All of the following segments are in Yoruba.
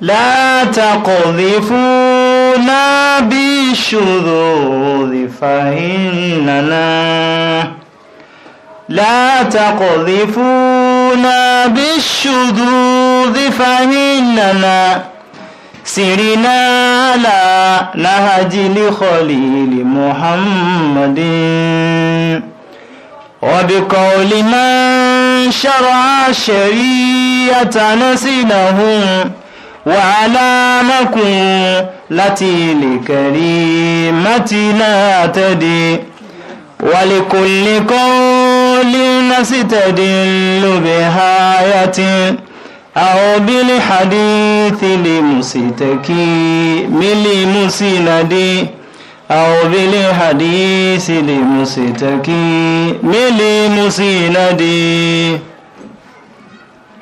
لا تقذفونا بالشذوذ فإننا لا تقذفونا بالشذوذ فإننا سرنا على نهج لخليل محمد وبقول من شرع شريعة نسلهم وعلامكم التي لكريمتنا تدي ولكل قول نستدل بهاية أو بالحديث لمستكي لمسند أو بالحديث لمستكي لمسند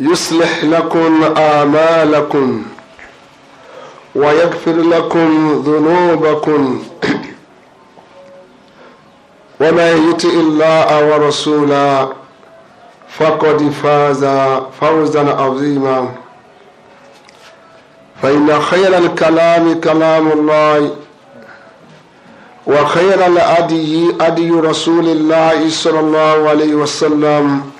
يصلح لكم آمالكم ويغفر لكم ذنوبكم ومن يطع الله ورسوله فقد فاز فوزا عظيما فإن خير الكلام كلام الله وخير الأدي أدي رسول الله صلى الله عليه وسلم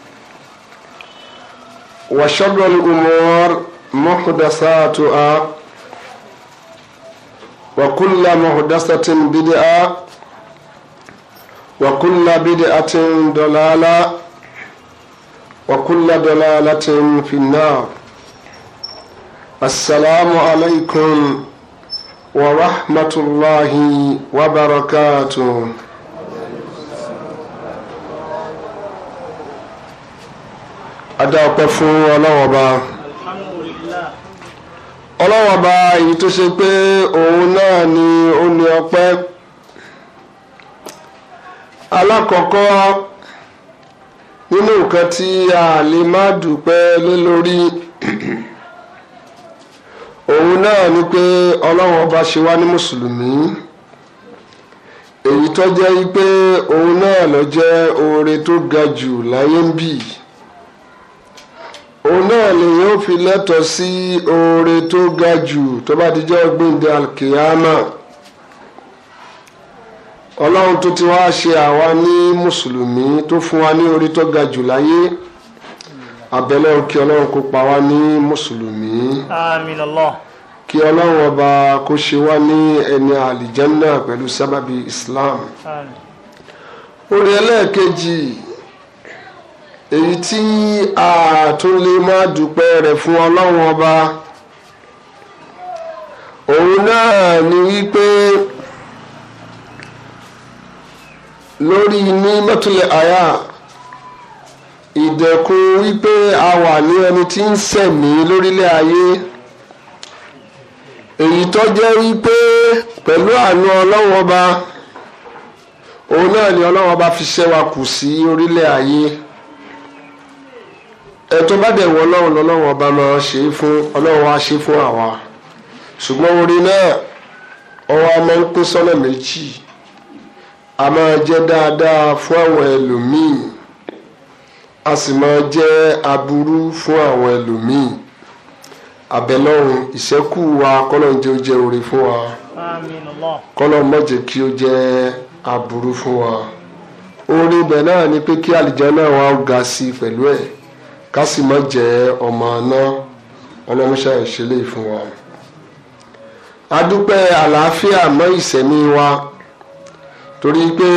وشر الأمور محدثاتها وكل محدثة بدعة وكل بدعة ضلالة وكل ضلالة في النار السلام عليكم ورحمة الله وبركاته adá ọpẹ́ fún Ọlọ́run ọba Ọlọ́run ọba èyí tó ṣe pé òun náà ni ó ní ọpẹ́ alákọ̀ọ́kọ́ nínú nǹkan tí a lè má dúpẹ́ lé lórí òun náà ni pé Ọlọ́run ọba ṣe wá ní mùsùlùmí èyí tó jẹ́ pé òun náà ló jẹ́ oore tó ga jù láyé ń bì òun náà lèyìn ó fi lẹ́tọ̀ọ́ sí oore tó ga jù tó bá di jọ́ gbẹ̀ngàn alkiyama ọlọ́run tó ti wá ṣe àwa ní mùsùlùmí tó fún wa ní oore tó ga jù láyé abẹ́lẹ́ kí ọlọ́run kó pa wá ní mùsùlùmí. Allah. kí ọlọ́run ọba kó ṣe wá ní ẹni àlìjánná pẹ̀lú sábàbí islam. oore ẹlẹ́ẹ̀kejì èyí tí a tún lè máa dúpẹ́ rẹ̀ fún ọlọ́run ọba òun náà ni wípé lórí ní mọ́tòlẹ̀ àyà ìdẹ̀kùn wípé a wà ní ẹni tí ń sẹ̀mí lórílẹ̀ ayé èyí tó jẹ́ wípé pẹ̀lú àánú ọlọ́run ọba òun náà ni ọlọ́run ọba fi wa kù sí orílẹ̀ ayé ẹ̀tọ́ bá dẹ̀ wọ ọlọ́run lọ́lọ́run ọba máa ṣe é fún ọlọ́run wa ṣe fún àwa ṣùgbọ́n orin náà ọwọ́ a máa ń pín sọ́nà méjì a máa jẹ́ dáadáa fún àwọn ẹlòmíì a sì máa jẹ́ aburú fún àwọn ẹlòmíì àbẹ̀lọ́run ìṣẹ́kù wa kọ́lọ́n jẹ́ ó jẹ́ fún wa kọ́lọ́n má jẹ́ kí ó jẹ́ aburú fún wa oore ibẹ̀ náà ni pé kí àlìjá náà wá ga sí i pẹ̀lú ẹ̀. Kasi sì má jẹ́ ọmọ náà ọlọ́mọṣẹ́ ìṣẹ̀lẹ̀ fún wa. adúpẹ́ àlàáfíà mọ́ ìsẹ̀mí wa torí pé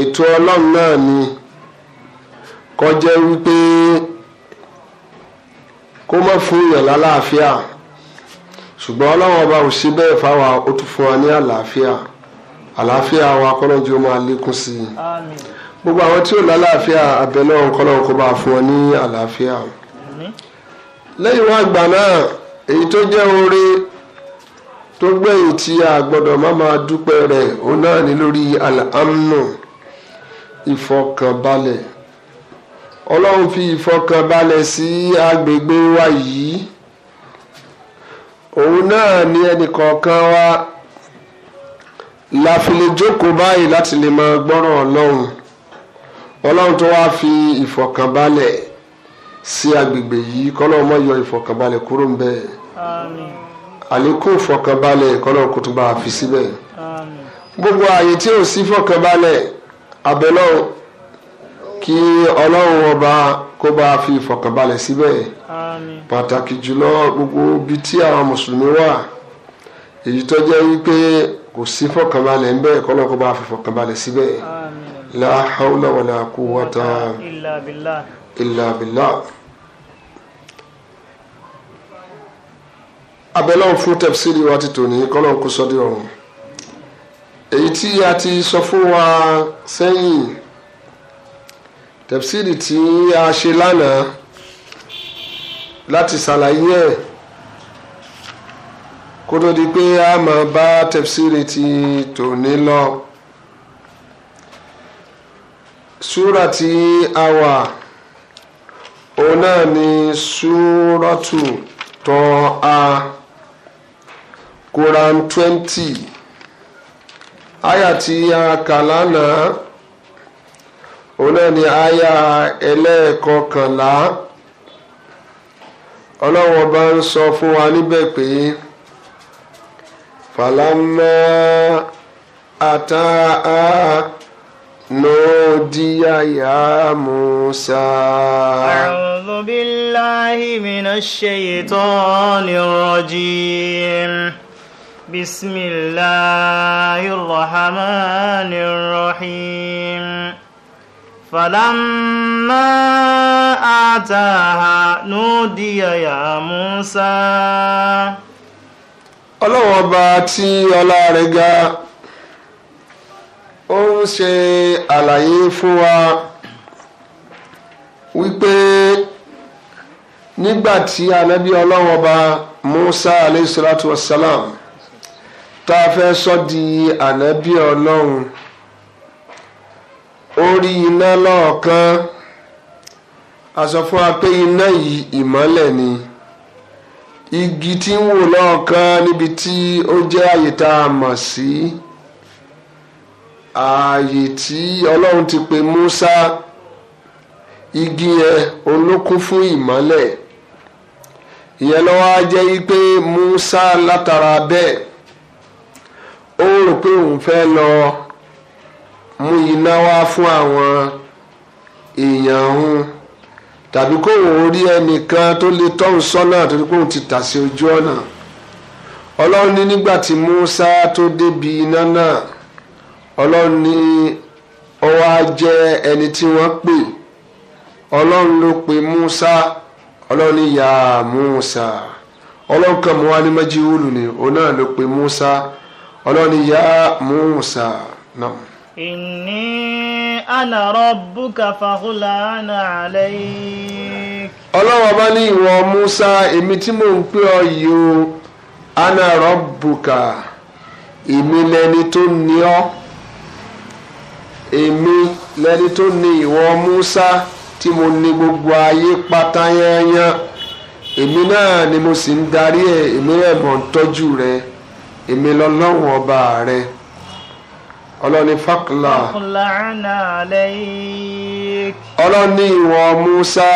ètò ọlọ́run náà ni kọjá wípé kó má fún yàn lálàáfíà ṣùgbọ́n ọlọ́run ọba ò ṣe bẹ́ẹ̀ fáwa ó tún fún wa ní àlàáfíà àlàáfíà wa kọ́lọ́jú máa lékún sí i gbogbo àwọn tí ò lálàáfíà àbẹ̀lẹ̀ ọ̀kọ́lọ́ kó bá fún ọ ní àlàáfíà o lẹ́yìn wá gbà náà èyí tó jẹ́ oore tó gbẹ̀yìn tí a gbọ́dọ̀ má máa dúpẹ́ rẹ̀ òun náà ní lórí àlàámù ìfọkànbalẹ̀ ọlọ́run fi ìfọkànbalẹ̀ sí agbègbè wa yìí òun náà ni ẹnìkọ̀ọ̀kan wa la fi lè jókòó báyìí láti lè máa gbọ́ràn ọlọ́run ọlọ́run tó wáá fi ìfọ̀kànbalẹ̀ sí agbègbè yìí kọ́lọ́run mọ́ yọ ìfọ̀kànbalẹ̀ kúrò ń bẹ́ẹ̀ àlékún ìfọ̀kànbalẹ̀ kọ́lọ́run kò tún bá a fi síbẹ̀ gbogbo ààyè tí ò sí ìfọ̀kànbalẹ̀ abẹ́lọ́run kí ọlọ́run ọba kó bá a fi ìfọ̀kànbalẹ̀ síbẹ̀ pàtàkì jùlọ gbogbo ibi tí àwọn mùsùlùmí wà èyí tó jẹ́ wípé kò sí ìfọ̀kànbalẹ̀ ń bẹ́ẹ̀ kọ́lọ́run kó bá a fi ìfọ̀kànbalẹ̀ síbẹ̀. Amen la hawla wala quwwata illa billah illa billah. abẹ́lẹ́wọ̀n fún tẹ̀síìrì wa ti tòní kọ́lọ́n kó sọ́dí ọ̀run èyí tí a ti sọ fún wa sẹ́yìn tẹ̀síìrì tí a ṣe lánàá láti ṣàlàyé ẹ̀ kó tó di pé a máa bá tẹ̀síìrì ti tòní lọ súrà Awa. a ni Suratu to a Quran twenty àyà tí a kà lánàá ni àyà ẹlẹ́ẹ̀kọkànlá ọlọ́wọ́ bá ń sọ fún wa níbẹ̀ pé fàlámà àtàá. نودي يا موسى أعوذ بالله من الشيطان الرجيم بسم الله الرحمن الرحيم فلما آتاها نودي يا موسى ọlọ́wọ́ ọba tí ọlá rẹ̀ ga ó ń ṣe àlàyé fún wa wípé nígbà tí anabi ọlọ́run ọba musa alayhi salatu wa salam tá a fẹ́ sọ di anabi ọlọ́run orí iná lọ́ọ̀kan a sọ fún wa pé iná yìí ìmọ́lẹ̀ ni igi tí ń wò lọ́ọ̀kan níbi tí ó jẹ́ àyè tá a mọ̀ sí. Si ààyè tí ọlọ́run ti pe Musa igi yẹn olókún fún ìmọ́lẹ̀ ìyẹn lọ́wọ́ á jẹ́ pé Musa látara bẹ́ẹ̀ ó rò pé òun fẹ́ lọ mú iná wá fún àwọn èèyàn òun tàbí kóun rí ẹnìkan tó lè tọ́hún sọ́nà torí kóun ti tà sí ojú ọ̀nà ọlọ́run ní nígbà tí Musa tó débi iná náà ọlọ́run ní ó á jẹ́ ẹni tí wọ́n pè ọlọ́run ló pe Musa ọlọ́run ní ya Musa ọlọ́run kan mú wa ní májíwúlù ni òun náà ló pe Musa ọlọ́run ní ya Musa náà. inni ana rabbuka faghulana alayk. ọlọ́run ọba ní ìwọ Musa èmi tí mò ń pè ọ yìí o ana Rọ́bùkà èmi lẹni tó ní ọ. èmi lẹni tó ní ìwọ Musa tí mo ní gbogbo ayé pátá yányán èmi náà ni mo sì ń darí ẹ èmi mọ̀ ń tọ́jú rẹ èmi ọba rẹ ọlọ́ni fàkùlà ọlọ́ni ìwọ Musa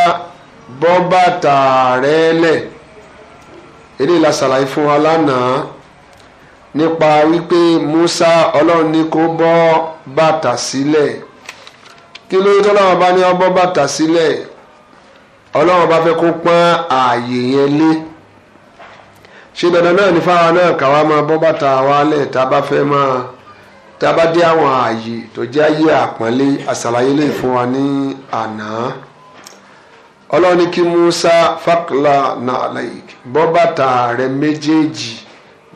bọ́ bàtà rẹ lẹ̀ èdè nípa wípé Musa ọlọ́run ní kó bọ́ bàtà sílẹ̀ kí ló tó lọ́wọ́ ní ó bàtà sílẹ̀ ọlọ́run bá fẹ́ kó pọ́n ààyè yẹn lé ṣé dandan náà ní fáwọn náà káwa máa bọ́ bàtà wa lẹ̀ tá a bá fẹ́ máa tá a bá dé àwọn ààyè tó jẹ́ ayé àpọ́nlé àṣàlàyé lè fún wa ní àná ọlọ́run ní kí Musa fakla nàlẹ́ bọ́ bàtà rẹ méjèèjì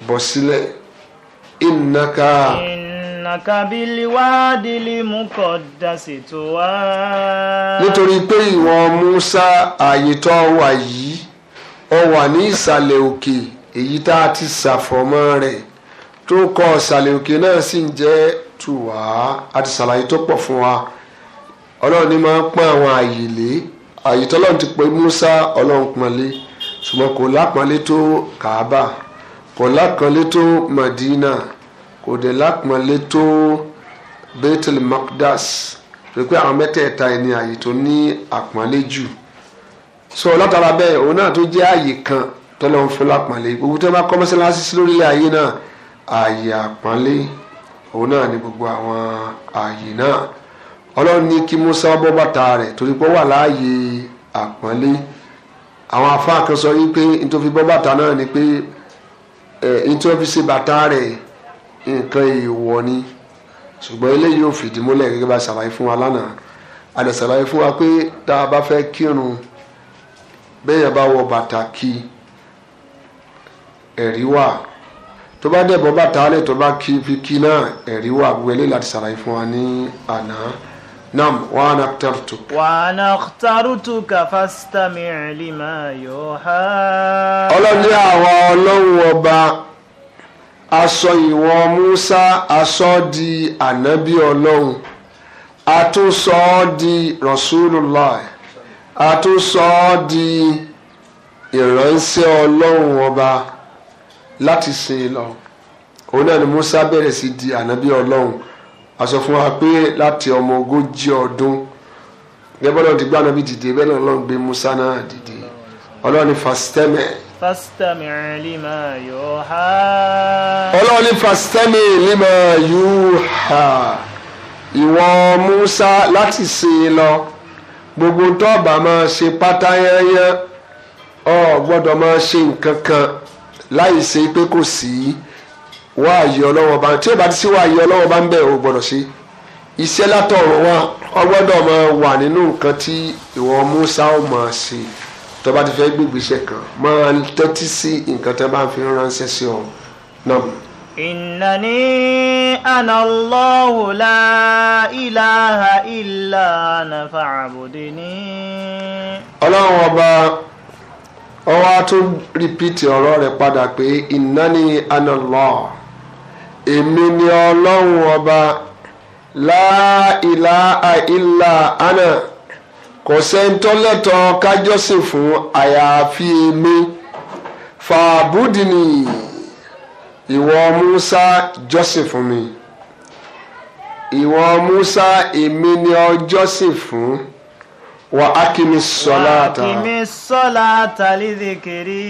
bọ́ sílẹ̀. Si ìnàkà. ìnàkà bíi wádìí lè mú kọ́ dasì tó wá. nítorí pé ìwọ Musa ààyè tó yìí ó wà ní ìsàlẹ̀ òkè èyí tá a ti ṣàfọ̀mọ́ rẹ̀ tó kọ ìsàlẹ̀ òkè náà sì ń jẹ́ tùwá a ti ṣàlàyé tó pọ̀ fún wa ọlọ́run ní máa ń pọ́n àwọn àyè lé àyè tọ́lọ́run ti pè Musa ọlọ́run pọ́n lé ṣùgbọ́n kò lápọ́nlé tó kàábà kò lápọ̀nlé tó Madina kò dé lápọ̀nlé tó Baitul Maqdas rẹ pé àwọn mẹ́tẹ̀ẹ̀ta ẹni àyè tó ní àpọ̀nlé jù so látara bẹ́ẹ̀ òun náà tó jẹ́ àyè kan tọ́lọ́ ń fún lápọ̀nlé gbogbo tó bá kọ́ mọ́sálásí sí lórílẹ̀ ayé náà àyè àpọ́nlé òun náà ni gbogbo àwọn àyè náà ọlọ́run ní kí Musa bọ́ bàtà rẹ̀ torí pé ó wà láàyè àpọ́nlé àwọn afáàkàn sọ wípé nítorí bọ́ bàtà náà ni pé ẹni tí wọ́n fi ṣe bàtà rẹ̀ nǹkan ìwọ ni ṣùgbọ́n eléyìí ò fìdí múlẹ̀ gẹ́gẹ́ bá ṣàlàyé fún wa lánàá àdè ṣàlàyé fún wa pé tá a bá fẹ́ kírun bẹ́yẹn bá wọ bàtà kí ẹ̀rí wà tó bá dẹ̀ bàtà rẹ̀ tó bá kí fi kí náà ẹ̀rí wà gbogbo eléyìí láti ṣàlàyé fún wa ní àná. نعم وأنا اخترتك وأنا اخترتك فاستمع لما يوحى ọlọ́run jẹ́ àwa ọlọ́run ọba a sọ ìwọ Musa a sọ di ànábì ọlọ́run a tún sọ ọ́ di Rasulullah a tún sọ di ìránṣẹ́ ọlọ́run ọba láti ṣe lọ òun ni Musa bẹ̀rẹ̀ sí di ànábì ọlọ́run a sọ fún wa pé láti ọmọ ogójì ọdún gẹ́gẹ́ bọ́lá ti gbá nàbí dìde bẹ́ẹ̀ lọ́n gbé Musa náà dìde ọlọ́run ni fastẹ́mẹ̀. fastẹ́mẹ̀ lima yóò ha. ọlọ́run ni fastẹ́mẹ̀ lima yóò ha ìwọ Musa láti sìn ín lọ gbogbo tó bá máa ṣe pátá yẹ́nyẹ́ o gbọ́dọ̀ máa ṣe nǹkan kan láì ṣe pé kò sí. Si wáàyè ọlọ́wọ́ bá tí o bá ti sí wáàyè ọlọ́wọ́ bá ń bẹ̀ o gbọ́dọ̀ sí iṣẹ́ látọ̀rọ̀ wa ọgbọ́dọ̀ máa wà nínú nǹkan tí ìwọ Musa ó máa ṣe tó bá ti fẹ́ gbogbo iṣẹ́ kan máa tẹ́tí sí nǹkan tó bá ń fi ránṣẹ́ sí ọ náà. Innani ana Allahu la ilaha illa ana fa'budini. ọlọ́run ọba ọwọ́ á tún rìpíìtì ọ̀rọ̀ rẹ̀ padà pé Innani ana Allah èmi ni ọlọ́run ọba láìlà àìlà àná kò sẹ́ńtọ́lẹ́tọ̀ kájọ́sìn fún àyàfi èmi fàbúdìní ìwọ Musa jọ́sìn fún mi ìwọ Musa èmi ni ọ jọ́sìn fún wa akimi sọláàtà. wa akimi sọláàtà lídìkìrì.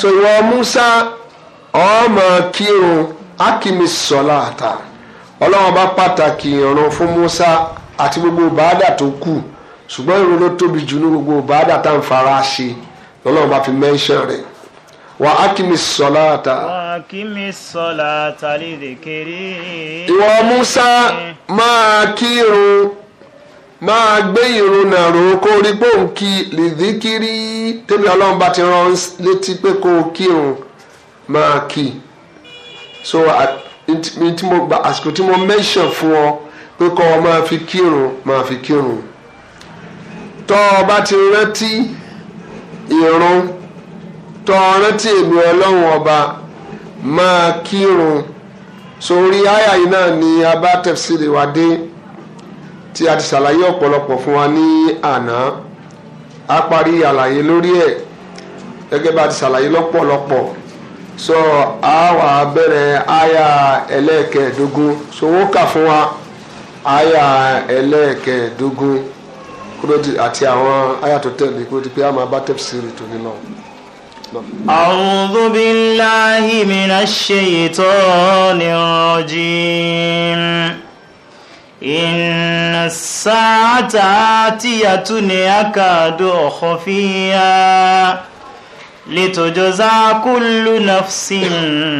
so ìwọ Musa ọmọ kírun. akimi sọláàtà ọlọ́run bá pàtàkì ìrun fún Musa àti gbogbo bàádà tó kù ṣùgbọ́n ìrun ló tóbi jù ní gbogbo bàádà tá fara ṣe bá fi mẹ́ńṣẹ́ rẹ̀ wà akimi akimi Musa máa kírun máa gbé ìrun kó rí ọlọ́run bá ti rán létí pé kó o kírun máa kí so tí mo gba àsìkò tí mo mention fún ọ pé kọ́ ọ máa fi kírun máa fi kírun tọ́ ọ bá ti rántí ìrun tọ́ ọ rántí èmi ọlọ́run ọba máa kírun sórí àyà yìí náà ni a bá tẹ̀sílẹ̀ wá dé tí a ti ṣàlàyé ọ̀pọ̀lọpọ̀ fún wa ní àná a parí àlàyé lórí ẹ̀ gẹ́gẹ́ bá a ti ṣàlàyé lọ́pọ̀lọpọ̀. Lo so àwa bẹ̀rẹ̀ àyà ẹlẹ́ẹ̀kẹ́ẹ̀dógún so wọ́n kà fún wa àyà ẹlẹ́ẹ̀kẹ́ẹ̀dógún àti àwọn àyà tó tẹ̀lé kó di pé a máa bá tẹ̀síìrì tó ní lọ. أعوذ بالله من الشيطان الرجيم إن الساعة آتية أكاد أخفيها لتجزى كل نفس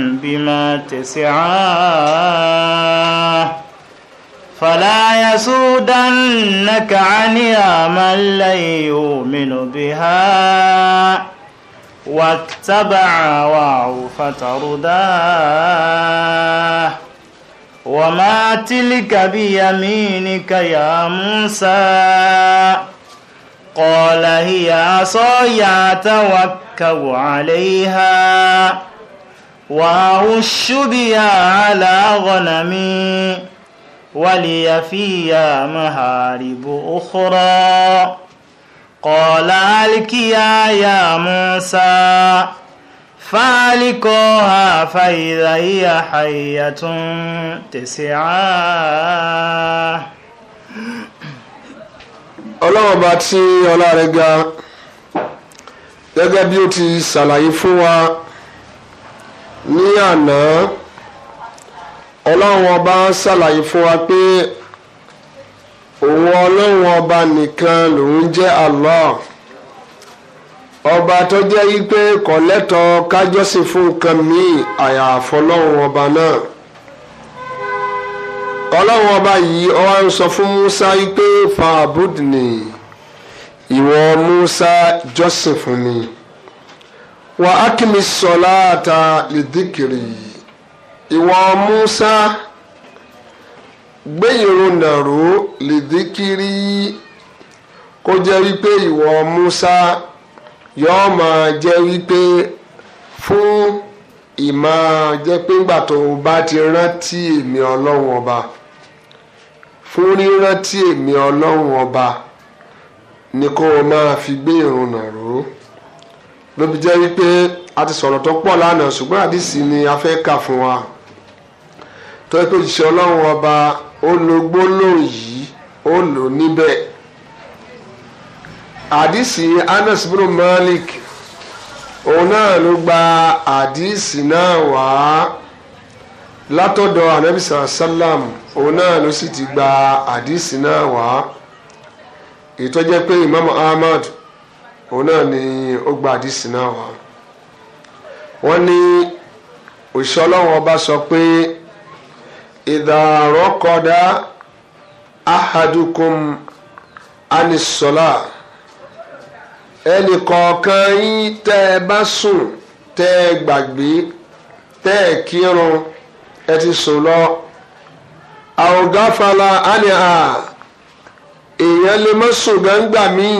بما تسعى فلا يسودنك عنها من لا يؤمن بها واتبع واعو فترداه وما تلك بيمينك يا موسى قال هي عصاي أتوكل عليها وأهش بها على غنمي ولي فيها مهارب أخرى قال الكيا يا موسى فألقوها فإذا هي حية تسعاه ọlọ́run bá tí ọlá rẹ̀ ga gẹ́gẹ́ bí ó ti ṣàlàyé fún wa ní àná ọlọ́run ọba ṣàlàyé fún wa pé òun ọlọ́run ọba nìkan lòun jẹ́ Allah ọba tó jẹ́ yí pé kò kájọ́sìn fún nǹkan míì àyàfọ́ ọlọ́run ọba náà. ọlọ́run ọba yìí ó wá ń sọ fún Musa pé fàbùd ni ìwọ Musa joseph ni wa wà á kì mí sọ láàta lìdíkìrì ìwọ Musa gbé ìrun nàró lìdíkìrì kó jẹ́ wípé ìwọ Musa yóò máa jẹ́ wípé fún ìmọ̀ jẹ́ pé ńgbà tó bá ti rántí èmi ọlọ́run ọba. fún rírántí èmi ọlọ́run ọba ni kó o máa fi gbé irun náà ró ló fi jẹ́ wípé a ti sọ̀rọ̀ tó pọ̀ lánàá ṣùgbọ́n àdìsí ni a fẹ́ kà fún wa tó yẹ kó òjíṣẹ́ ọlọ́run ọba ó lo gbólóhùn yìí ó lò níbẹ̀ àdìsí Anas bin Malik òun náà ló gba àdìsí náà wá látọ̀dọ̀ anabisa salam òun náà ló sì ti gba àdìsí náà wá ìtọ́jẹ́ pé imam ahmad òun náà ni ó gba àdìsí náà wá wọ́n ní òṣìṣẹ́ ọlọ́run ọba sọ pé ìdàrọ́kọ̀dá ahadukum anisola ẹnì kọ̀ọ̀kan yín tẹ́ ẹ bá sùn tẹ́ ẹ gbàgbé tẹ́ ẹ kírun. ẹ ti sùn lọ àwògáfàlà èèyàn lè mọ sùn gángba míì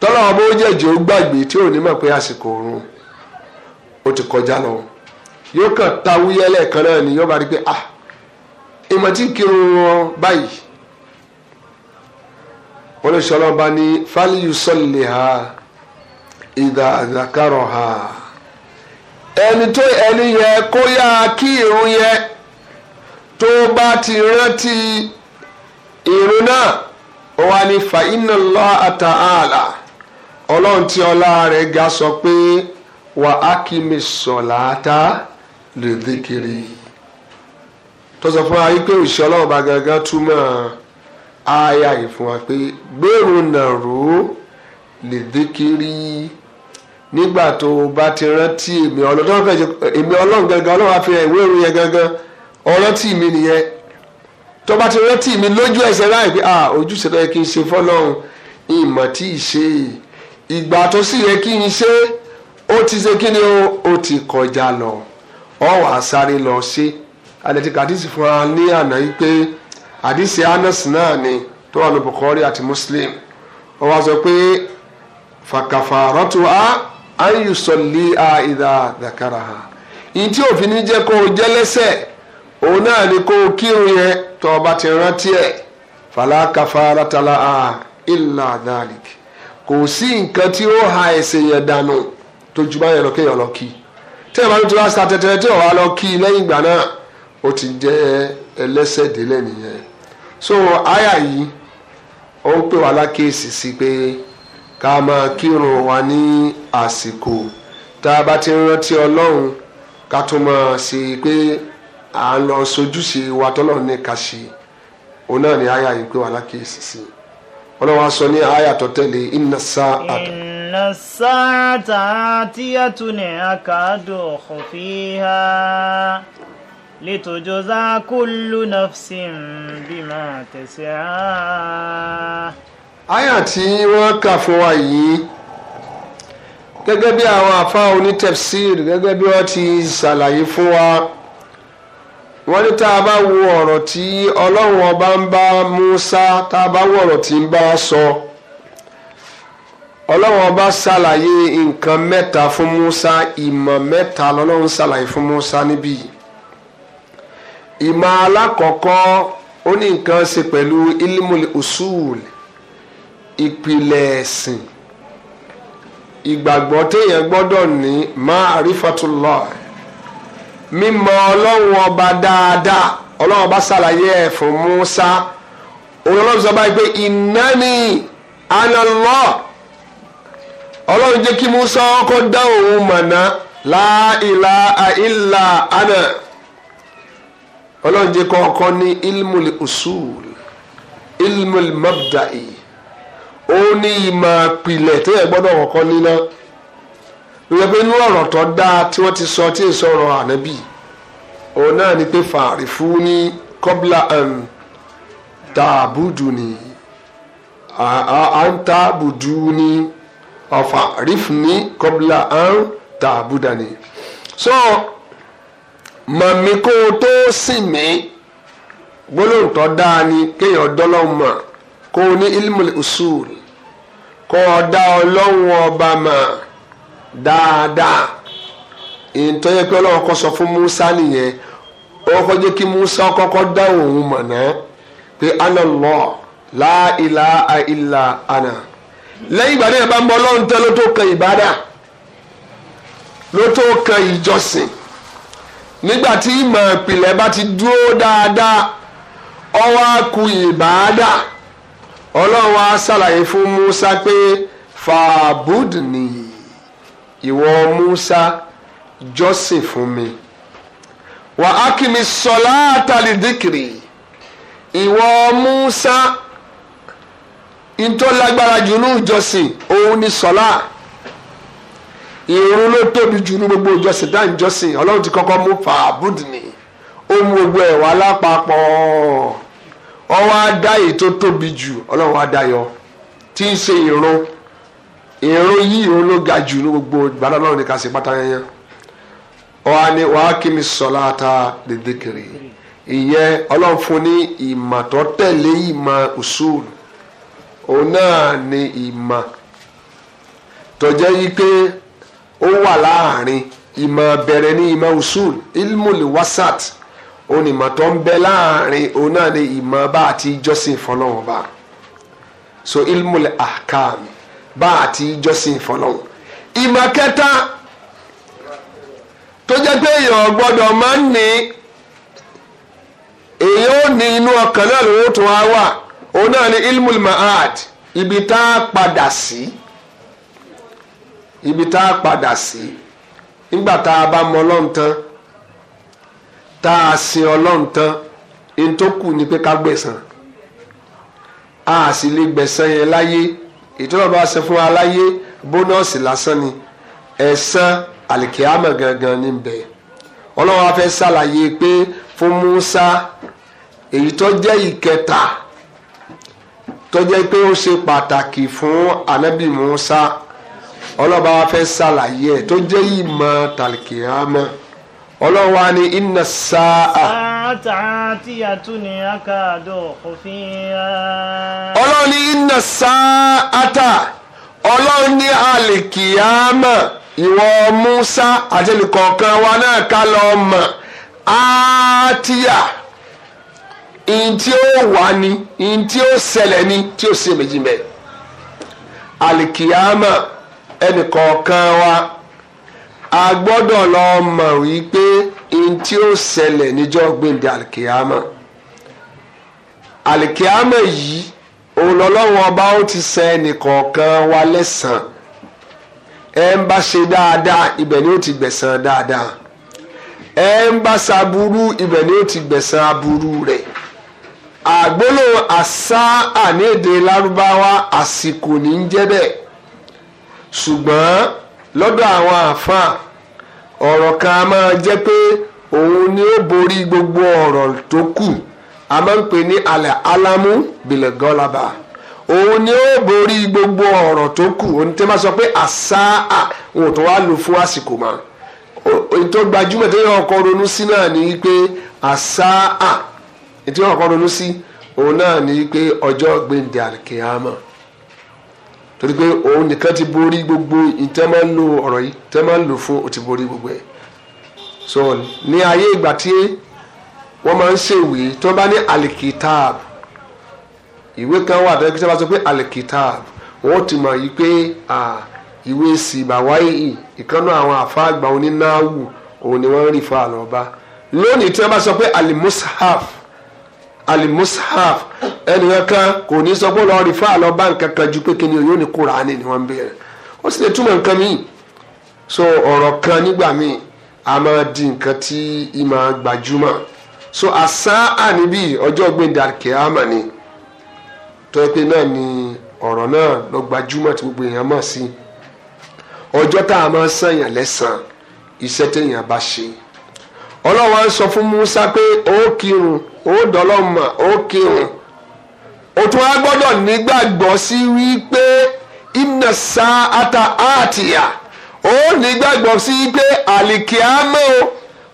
tọ́lá ọmọ ó jẹ̀jẹ̀ ó gbàgbé tí ò ní mọ̀ pé àsìkò oorun ó ti kọjá lọ yóò kàn tawúyẹ́ lẹ́ẹ̀kan náà ni yóò bá rí pé ah ìmọ̀ ha. ẹni tó ẹni yẹ kó yá kí irun yẹ tó bá ti rántí irun náà ó wá ní fa inna Allah ta'ala ọlọ́run tí ọlá rẹ̀ ga sọ pé wà á kí mi sọ̀láta lè dékiri tó sọ fún wa wípé òṣìṣẹ́ ọlọ́run bá gangan túmọ̀ àyà yìí fún wa pé gbèrú nàró lè dékiri. nígbà tó o bá ti rántí èmi ọlọ́run èmi ọlọ́run gangan ọlọ́run àfihàn ìwé ìròyìn yẹn gangan ọ̀rántí mi nìyẹn tó bá ti rántí mi lójú ẹsẹ̀ láì pé ah ojúṣe tó yẹ kí n ṣe fọlọ́run ìmọ̀ tí ì ṣe ìgbà tó sì yẹ kí n ṣe ó ti ṣe kí ni ó ti kọjá lọ ọ wàá sáré lọ ṣe àdẹ̀tí kàdísì fúnra ní àná yìí pé àdísì anas náà ni tó wà ní Bukhari àti Muslim ó wá sọ pé fàkàfà rọ́tò á. ayùsọ̀lì àìdá dàkàrà ìyí tí òfin ní kó o jẹ́ lẹ́sẹ̀ o náà ni kó o kírun yẹn o bá ti rántí ẹ̀ fàlàkà a ìlà dàlík kò sí nǹkan tí ha ẹ̀ṣẹ̀ yẹn dànù tó ju báyẹn lọ kéèyàn bá tí wá lọ kí ìgbà náà ti so àyà yìí ó ń pè wá lákèésì sí pé. ká máa kírun wa ní àsìkò tá a bá ti rántí ọlọ́run ká tún máa ṣe pé à ń lọ sojúṣe wa tọ́lọ́run ní ká òun náà ni àyà yìí pé wà lákìsì sí ọlọ́run á ní àyà tó tẹ̀lé inna sa'ata. inna sa'ata atiyatun akadu khufiha litujza kullu nafsin bima tas'a. aya tí wọ́n kà fún wa yìí gẹ́gẹ́ bí àwọn àfa onítẹ̀fsír gẹ́gẹ́ bí wọ́n ti ṣàlàyé fún wa wọ́n ní tá a bá wo ọ̀rọ̀ tí ọlọ́run ọba ń bá Musa tá a bá wo ọ̀rọ̀ tí ń bá sọ ọlọ́run ọba ṣàlàyé nǹkan mẹ́ta fún Musa ìmọ̀ mẹ́ta lọ́lọ́run ṣàlàyé fún Musa níbí ìmọ̀ alákọ̀ọ́kọ́ ó ní nǹkan ṣe pẹ̀lú ilmul usul ìpìlẹ̀ ẹ̀sìn ìgbàgbọ́ téèyàn gbọ́dọ̀ ní ma'rifatullah mímọ̀ ọlọ́run ọba dáadáa ọlọ́run ọba ṣàlàyé ẹ̀ fún Musa olólùsọ báyìí pé innani ana Allah ọlọ́run jẹ́ kí Musa ọkọ̀ dá òun mọ̀nà la ilaha illa ana ọlọ́run jẹ́ kọ́ ọkọ̀ ní ilmul usul ilmul mabda'i ó ní ìmọ̀ pilẹ̀ tó yẹ gbọ́dọ̀ kọ́kọ́ níná lóye pé inú ọ̀rọ̀ tó dáa tí wọ́n ti sọ tí èso ọ̀rọ̀ ànábì òun náà ni pé fàárí fún ní kọ́bílà tààbùdù ni à ni ọ̀fà rífù ní kọ́bílà tààbùdà ni. so màmí kó o tó sìn mí gbólóǹtọ́ dáa ni kéèyàn dọ́lọ́ mọ̀ kó o ní ilmul usul kọ́ ọ dá ọlọ́run ọba mà dáadáa ìtọ́ yẹ ọlọ́run sọ fún Musa nìyẹn ó kọ́ jẹ́ kí Musa kọ́kọ́ dá òun mọ̀ náà pé la ilaha ana lẹ́yìn ìgbà náà bá ń bọ́ ọlọ́run tẹ́ ló tó kan ìbádà ló tó kan ìjọsìn nígbà tí ìmọ̀ ìpìlẹ̀ bá ti dúró dáadáa ọlọ́run wa ṣàlàyé fún Musa pé fàbùdùnì ìwọ Musa jọ́sìn fún mi wà á kì mí sọlá àtàlídìkìrì ìwọ Musa ìtọ́lágbára jù ní ìjọsìn òun ni sọlá ìrun ló tóbi jù ní gbogbo ìjọsìn dá ìjọsìn ọlọ́run ti kọ́kọ́ mú fàbùdùnì ó mú gbogbo ẹ̀ wá lápapọ̀ wọ́n wá dá èyí tó tóbi jù ọlọ́run wá dá yọ tí ń ṣe ìrun ìrun yìí ìrun ló ga jù ní gbogbo ìgbàlá ọlọ́run ní ká ṣe pátá yẹn wọ́n ní wọ́n kí mi sọ̀lá ta dédé kiri ìyẹn ọlọ́run fún ní ìmọ̀ tó tẹ̀lé ìmọ̀ usul òun náà ni ìmọ̀ tó jẹ́ yí pé ó wà láàrin ìmọ̀ bẹ̀rẹ̀ ní ìmọ̀ usul ilmul wasat onímọ̀ tó ń bẹ láàrin òun náà ni ìmọ̀ bá àti ìjọsìn fọlọ́wọ́n bá so ilmul ahkam bá àti ìjọsìn fọlọ́wọ́n ìmọ̀ kẹta tó jẹ́ pé èèyàn gbọ́dọ̀ máa ń ní èèyàn ò ní inú ọkàn náà lówó tó wá wà òun náà ni ilmul ma'ad ibi tá a padà sí ibi tá a padà sí nígbà tá a bá mọ Ọlọ́run tán tá a sin ọlọ́run tán ẹni tó kù ni pé ká gbẹ̀san a sì lè gbẹ̀san yẹn láyé ìtura bá ṣe fún wa láyé bónọ́ọ̀sì lásán ni ẹ̀san àlìkíámà gangan ní bẹ̀ ọlọ́run á fẹ́ ṣàlàyé pé fún Musa èyí tó jẹ́ ìkẹta tó jẹ́ pé ó ṣe pàtàkì fún anabi Musa ọlọ́ba wa ṣàlàyé ẹ̀ tó jẹ́ ìmọ̀ tàlìkíámà ọlọ́run wa ni inna sáà. sáà tí a tún ní akadọ̀ òfin. ọlọ́run ni inna sáà ata ọlọ́run ní àlìkìyàmọ̀ ìwọ Musa àtẹnìkọ̀ọ̀kan wa náà ká lọ mọ̀ átíyà ìyìn tí ó wà ní ìyìn tí ó ṣẹlẹ̀ ní tí ó ṣe méjì mẹ́ àlìkìyàmọ̀ ẹnìkọ̀ọ̀kan wa a gbọ́dọ̀ lọ mọ̀ wípé n tí ó ṣẹlẹ̀ níjọ́ gbèǹde àlìkìyámà àlìkìyámà yìí òun ọba ó ti sẹ ẹnìkọ̀ọ̀kan wa lẹ́sàn ẹ ń bá ṣe dáadáa ibẹ̀ ni ó ti gbẹ̀san dáadáa ẹ ń bá ṣaburú ibẹ̀ ni ó ti gbẹ̀san aburú rẹ̀ àgbólò àṣà àníèdè lárúbáwá àsìkò ní ń jẹ́ bẹ́ẹ̀ ṣùgbọ́n lọ́dọ̀ àwọn àáfàá ọ̀rọ̀ kan a máa jẹ́ pé òun ni ó borí gbogbo ọ̀rọ̀ tó kù a máa ń pè ní alẹ́ alámú bìlẹ̀ gọ́lábà ni ó borí gbogbo ọ̀rọ̀ tó kù òun tẹ́ máa sọ pé àṣà àwọn tó wá lò fún àsìkò mọ́ ètò gbajúmọ̀ tó yẹ ọkọ̀ ronú sí náà ni àṣà ronú sí òun náà ni torí pé òun nìkan ti borí gbogbo ìtẹ́ máa ń lo ọ̀rọ̀ yìí tẹ́ fún ó ti borí gbogbo ẹ̀ so ní ayé ìgbà tí wọ́n máa ń ṣèwé tí wọ́n bá ní alikitab ìwé kan wà tẹ́lẹ̀ kí wọ́n bá sọ pé alikitab wọ́n ti mọ̀ yìí pé ìwé sìbàwáyì ìkànnà àwọn àfáàgbà onínáwù òun ni wọ́n ń rí fa àlọ́ba lónìí tí wọ́n bá sọ pé alimusahaf alimusaf ẹnìyàn kan kò ní sọ pé lọ́ọ́ rìfà lọ bá nǹkan kan ju pé kí ni yóò ní kúránì ni wọ́n ń bèèrè ó sì lè túmọ̀ nǹkan míì so ọ̀rọ̀ kan nígbà míì a máa di nǹkan tí ì máa gbajúmọ̀ so àṣà àníbí ọjọ́ gbẹ̀dàkẹ́ àmà ni tó yẹ pé náà ni ọ̀rọ̀ náà lọ gbajúmọ̀ tí gbogbo èèyàn mọ̀ sí ọjọ́ tá a máa sànyàn lẹ́sàn iṣẹ́ téèyàn bá ṣe ọlọ́wọ́ sọ fún Musa pé ó kírun ó dọ́lọ́mà ó kírun ó tún wá gbọ́dọ̀ nígbàgbọ́ sí wípé iná sa ata àtìyà ó nígbàgbọ́ sí wípé àlìkíámọ́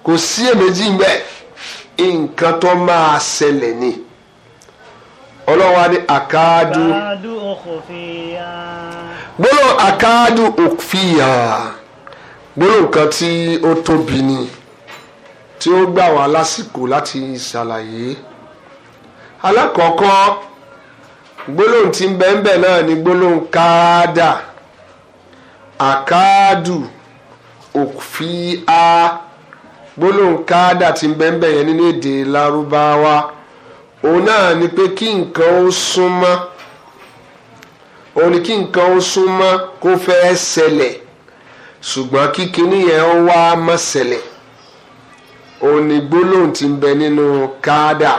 kò sí èméjì ń bẹ nǹkan tó máa ṣẹlẹ̀ ni ọlọ́wà ní àkáàdù gbólóhùn àkáàdù òfìyà gbólóhùn kan tí ó tóbi ni. tí ó gbà wá lásìkò láti ṣàlàyé alákọ̀ọ́kọ́ gbólóhùn tí ń bẹ ń náà ni gbólóhùn káádà àkáàdù òfìá gbólóhùn káádà tí ń bẹ ń bẹ yẹn nínú èdè lárúbáwá òun náà ni pé kí nǹkan ó súnmọ́ ni kí nǹkan ó súnmọ́ òní gbólóhùn ti bẹ nínú káàdà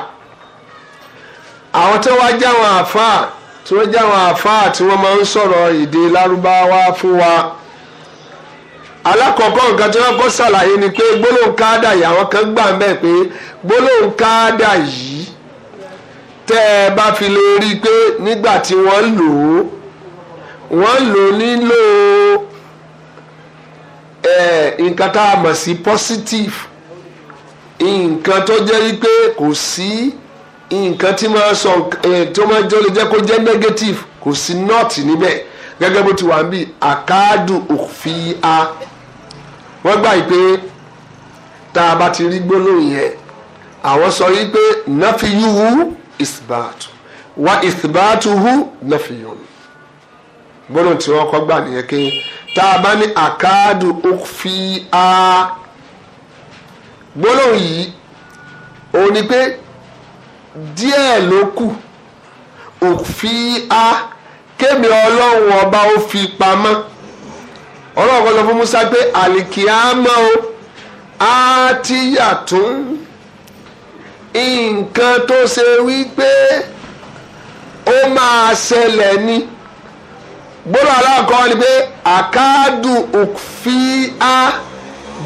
àwọn tó wá jáwọn àfáà tí wọn jáwọn àfáà tí wọn máa ń sọrọ èdè lárúbáwá fún wa alákọ̀ọ́kọ́ nǹkan tí wọn kọ ṣàlàyé ni pé gbólóhùn káàdà yìí àwọn kan gbà ń bẹ̀ pé gbólóhùn káàdà yìí tẹ́ ẹ bá fi lè rí i pé nígbà tí wọ́n lò ó wọ́n lò ó nílò nǹkan tá a mọ̀ sí positive nǹkan tó jẹ́ wípé kò sí nǹkan tí máa sọ tó máa jẹ́ lè jẹ́ kó jẹ́ negative kò sí not níbẹ̀ gẹ́gẹ́ bó ti wà ń bí àkáàdù òfin a wọ́n gbà pé tá a bá ti rí gbólóhùn yẹn àwọn sọ wípé nàfiyúhu ìsìbàtù wá ìsìbàtùhu nàfiyún gbólóhùn tí wọ́n kọ́ gbà nìyẹn pé tá a bá ní àkáàdù òfin a gbólóhùn yìí òun ni pé díẹ̀ ló kù òfin a kémi ọlọ́run ọba ó fi pamọ́ ọlọ́run kan sọ fún Musa pé àlìkìámọ́ o á ti yàtún nǹkan tó ṣe wípé ó máa ṣẹlẹ̀ ni gbólóhùn aláàkọ́ ni pé àkádù òfin a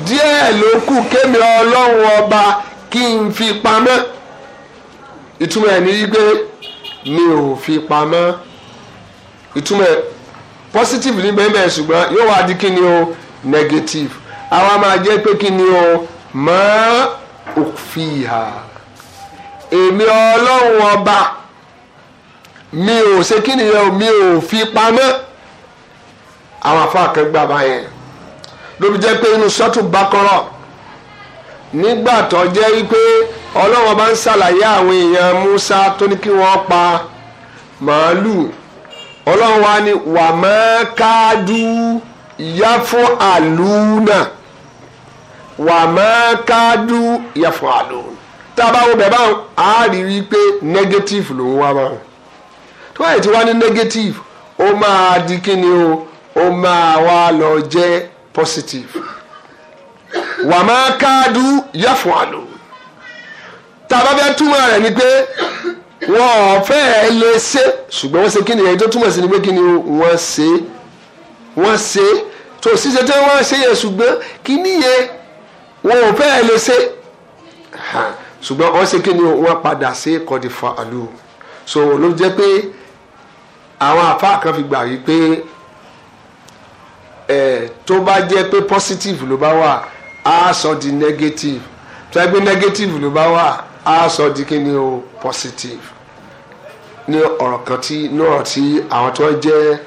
díẹ̀ ló kù kémi ọlọ́run ọba kí n fi pamọ́ ìtumọ̀ ẹ̀ ní wípé mi ò fi pamọ́ ìtumọ̀ ẹ̀ positive ní bẹ́ẹ̀ bẹ́ẹ̀ ṣùgbọ́n yóò wá di kí ni o negative àwa máa jẹ́ pé kí ni o mọ́ òfin ìhà èmi ọlọ́run ọba mi ò ṣe kí nìyẹn o mi ò fi pamọ́ àwọn afọ àkẹgbẹ́ àbáyẹn lóbi jẹ́ pé inú sọ́tù Bákọ́rà nígbà tó jẹ́ wípé ọlọ́wọ́n bá ń ṣàlàyé àwọn èèyàn Musa tó ní kí wọ́n pa màálù ọlọ́wọ́n wa ni wàmẹ́kádú yáfọ́ àlùúnà wàmẹ́kádú yáfọ́ àlùúnà tábàwọ̀ bẹ̀ báwọn á rí i negative ló ń wá báwọn tó wáyé tí wọ́n ní negative ó máa di kí ni o ó máa wá lọ jẹ́ positive wàmà káàdù yàfọ̀ àlò tàbá bẹ́ẹ̀ túmọ̀ rẹ̀ ni pé wọn ò fẹ́ẹ́ lè ṣe ṣùgbọ́n wọ́n ṣe kí ni ẹni tó túmọ̀ sí ni pé kí ni wọ́n ṣe wọ́n ṣe tó ṣíṣe tí wọ́n ṣe yẹ ṣùgbọ́n kí níye wọn ò fẹ́ẹ́ lè ṣe ṣùgbọ́n wọ́n ṣe kí ni wọ́n padà ṣe kọ́dí fa àlò so ló jẹ́ pé àwọn àfa kan fi gbà yí pé ẹ̀ tó bá jẹ́ pé positive ló bá wà á sọ di negative tó bá negative ló bá wà á sọ di kí ni o positive ní ọ̀rọ̀ kan tí náà tí àwọn tó jẹ́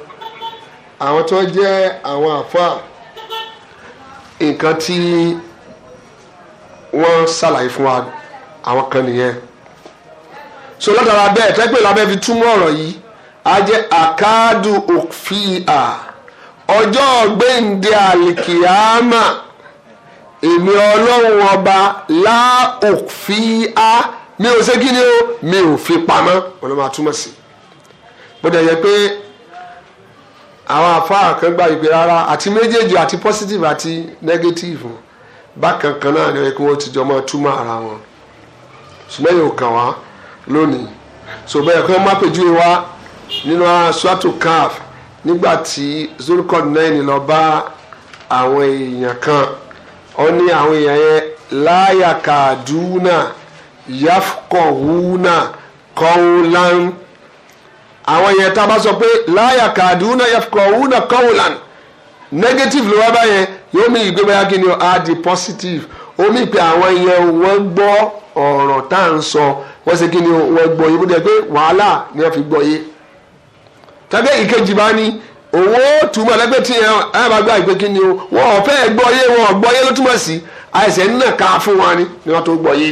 àwọn tó jẹ́ àwọn àfa nǹkan tí wọ́n ṣàlàyé fún wa àwọn kan nìyẹn so látara bẹ́ẹ̀ tẹ́gbẹ́ lábẹ́ fi túmọ̀ ọ̀rọ̀ yìí a jẹ́ àkáàdù òfìà ọjọ́ gbẹ̀ǹde àlìkìyàmà èmi ọlọ́run ọba láòfíà mi ò ṣe kí ni o mi ò fi pamọ́ ọlọ́run máa túmọ̀ sí bó dẹ̀ yẹ pé àwọn àfáà kan gbà yìí rárá àti méjèèjì àti positive àti negative bákan kan náà ni wọ́n ti jọ máa túmọ̀ ara wọn ṣùgbọ́n yóò kàn wá lónìí ṣùgbọ́n ẹ̀kọ́ mápèjú wa nínú aṣọ́àtò káàfù nígbà tí Zulqarnain lọ bá àwọn èèyàn kan ó ní àwọn èèyàn yẹn láyàkàdúnà yafqahuna qawlan àwọn yẹn tá a bá sọ pé láyàkàdúnà yafqahuna qawlan negative ló wá báyẹn yóò mí ìgbé báyà kí ni o á di positive ó mí pé àwọn yẹn wọ́n gbọ́ ọ̀rọ̀ tá à ń sọ wọ́n ṣe kí ni o wọ́n gbọ́ bó dẹ̀ pé wàhálà ni wọ́n fi gbọ́ yé tàbí ìkejì bá ní òwò túmọ̀ lẹ́gbẹ́ tí ẹ bá gbà pé kí ni o wọn ò fẹ́ gbọ́ yé wọn gbọ́ yé ló túmọ̀ sí àìsẹ̀ náà ká fún wọn ni ni wọ́n tó gbọ́ yé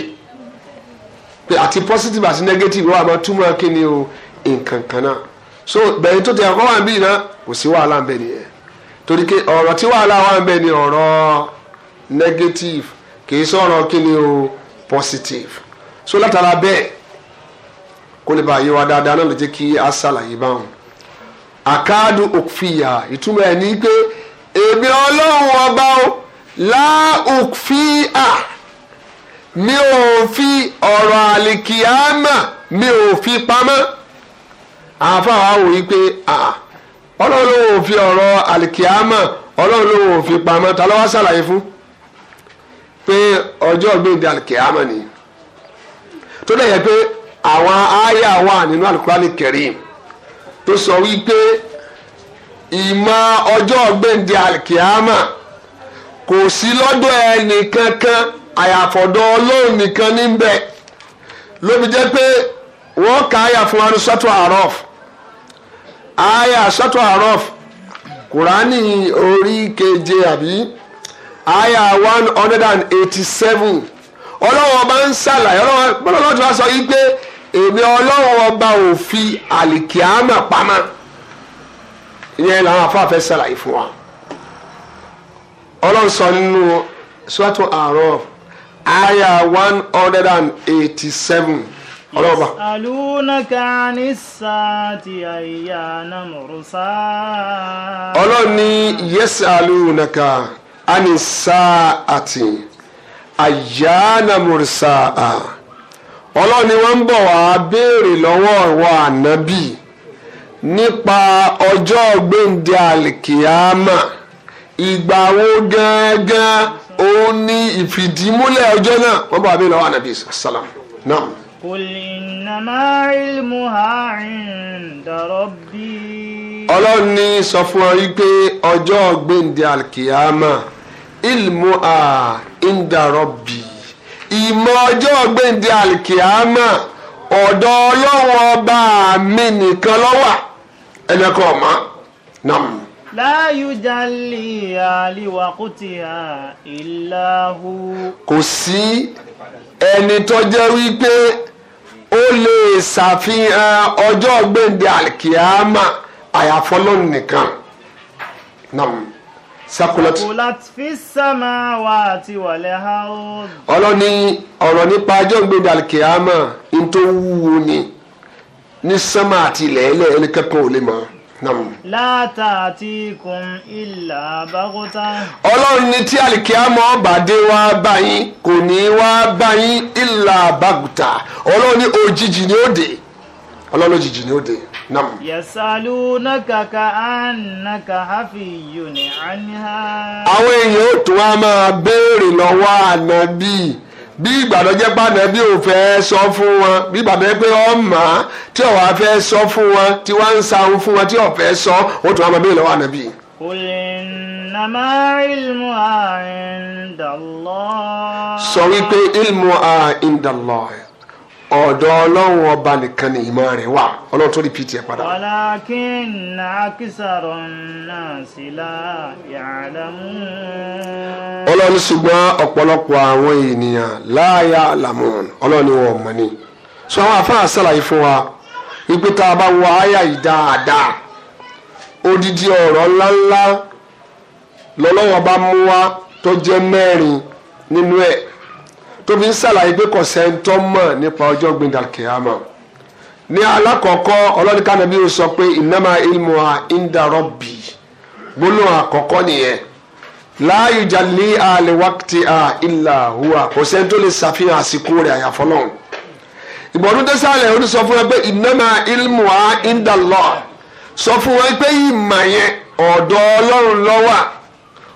pé àti positive àti negative wọ́n àmọ́ túmọ̀ kí ni o nǹkan kan náà so bẹ̀yìn tó tẹ̀ ẹ̀kọ́ wà níbí náà kò sí wàhálà ń bẹ nìyẹn torí pé ọ̀rọ̀ tí wàhálà wà ń bẹ ni ọ̀rọ̀ negative kì í sọ̀rọ̀ kí ni o positive so látara bẹ́ẹ̀ kó lè bá yé wa dáadáa náà lè jẹ́ kí a ṣàlàyé báwọn àkáàdù òkfìyà ìtumọ̀ ẹ̀ ní pé èmi ọlọ́run ọba o láòkfìyà mi ò fi ọ̀rọ̀ àlìkìyàmà mi ò fi pamọ́ àáfàá wa wò yí pé ọlọ́run ló wò fi ọ̀rọ̀ àlìkìyàmà ọlọ́run ló wò fi pamọ́ ta ló wá ṣàlàyé fún pé ọjọ́ gbèǹde àlìkìyàmà nìyí tó dẹ̀ yẹ pé àwọn àyà wà nínú àlùkùránì kẹrìm tó sọ wípé ìmọ̀ ọjọ́ gbẹ̀ǹdẹ̀ alkiyama kò sí lọ́dọ̀ ẹnì kankan àyàfọ̀dọ̀ ọlọ́run nìkan níbẹ̀ lóbi jẹ́ pé wọ́n kà á yà fún wa ní sọ́tọ̀ àrọ́f àyà sọ́tọ̀ àrọ́f kùránì orí keje àbí àyà one hundred and eighty seven ọlọ́wọ́ bá ń ṣàlàyé ọlọ́wọ́ bọ́lá ọlọ́wọ́ ti sọ yìí èmi ọlọ́run ọba ò fi àlìkíámà pamọ́ ìyẹn làwọn afáfẹ́ ṣàlàyé fún wa ọlọ́run sọ nínú sọ́tún àárọ̀ àyà one hundred and eighty seven ọlọ́ba. alúnaka ní sáàtì àyà náà mọ̀rọ̀sá. ọlọ́run ní yẹ́sì alúnaka á ní sáàtì àyà náà ọlọ́run ni wọ́n ń bọ̀ wá béèrè lọ́wọ́ ọ̀rọ̀ ànábì nípa ọjọ́ gbẹ̀ǹdẹ̀ àlìkìyàmà ìgbà wo gángan òun ni ìfìdímúlẹ̀ ọjọ́ náà wọ́n bọ̀ wá béèrè lọ́wọ́ ànábì sàlám náà. عند ربي ọlọ́run ní sọ fún ọ wípé ọjọ́ gbẹ̀ǹdẹ̀ àlìkìyàmà ilmu a inda ìmọ̀ ọjọ́ gbẹ̀ǹdẹ̀ àlìkìámà ọ̀dọ̀ ọlọ́run ọba mi nìkan lọ́wà ẹnìkan ọ̀ma nam. láàyò jalè àlewà kò ti hà ìlàhù. kò sí ẹni tó jẹ́ wípé ó lè ṣàfihàn ọjọ́ gbẹ̀ǹdẹ̀ àlìkìámà àyàfọ́lọ́nù nìkan nam sakulat. sakulat fi samawati wal ard. ọlọ́ni ọ̀rọ̀ nípa ajọ́ gbẹ̀dẹ̀ alikiyama n wúwo ni ní sánmà àti ilẹ̀ ẹni kankan ò lè mọ̀ láta àti kun ilà bákútà. ọlọ́run tí alikiyama ọba dé wá báyìí kò ní wá báyìí ilà bákútà ọlọ́run òjijì ni ó dé ọlọ́run òjijì ni ó dé. نعم يسألونك كأنك حفي عنها àwọn èèyàn ó tún wá máa béèrè lọ́wọ́ ànábì bí ìgbàdàn jẹ́ pé ànábì ò fẹ́ sọ fún wọn bí ìgbàdàn jẹ́ pé ọmọ tí ọ̀wá fẹ́ sọ fún wọn tí wọ́n ń sahun fún wọn tí ò fẹ́ sọ ó tún wá máa béèrè lọ́wọ́ ànábì. قل إنما علمها عند sọ wípé ilmu a inda ọ̀dọ̀ ọlọ́run ọba nìkan ni ìmọ̀ rẹ̀ wà ọlọ́run tó rí pt padà. walakin akisaro nasi la ya'lamun. ọlọ́run ṣùgbọ́n ọ̀pọ̀lọpọ̀ àwọn ènìyàn la ya'lamun mọ̀ ni. sọ àwọn afárá sàlàyé fún wa ọba mú wa tó jẹ́ mẹ́rin tó fi ń ṣàlàyé pé kọ̀sẹ́ńtọ́ mọ̀ nípa ọjọ́ gbẹ̀dà kìámà ní alákọ̀ọ́kọ́ ọlọ́nìkan nàbí ó sọ pé ìnáma ilmu ha inda rabbi gbólóhùn àkọ́kọ́ nìyẹn láàyè jàlí àlè wákìtì à ìlà hùwà kọ̀sẹ́ńtọ́ lè ṣàfihàn àsìkò rẹ̀ àyàfọ́ náà ìbọ̀dún tó sálẹ̀ ó sọ fún ẹ pé ìnáma ilmu ha inda Allah sọ fún ẹ pé ìmọ̀ yẹn ọ̀dọ̀ ọlọ́run ló wà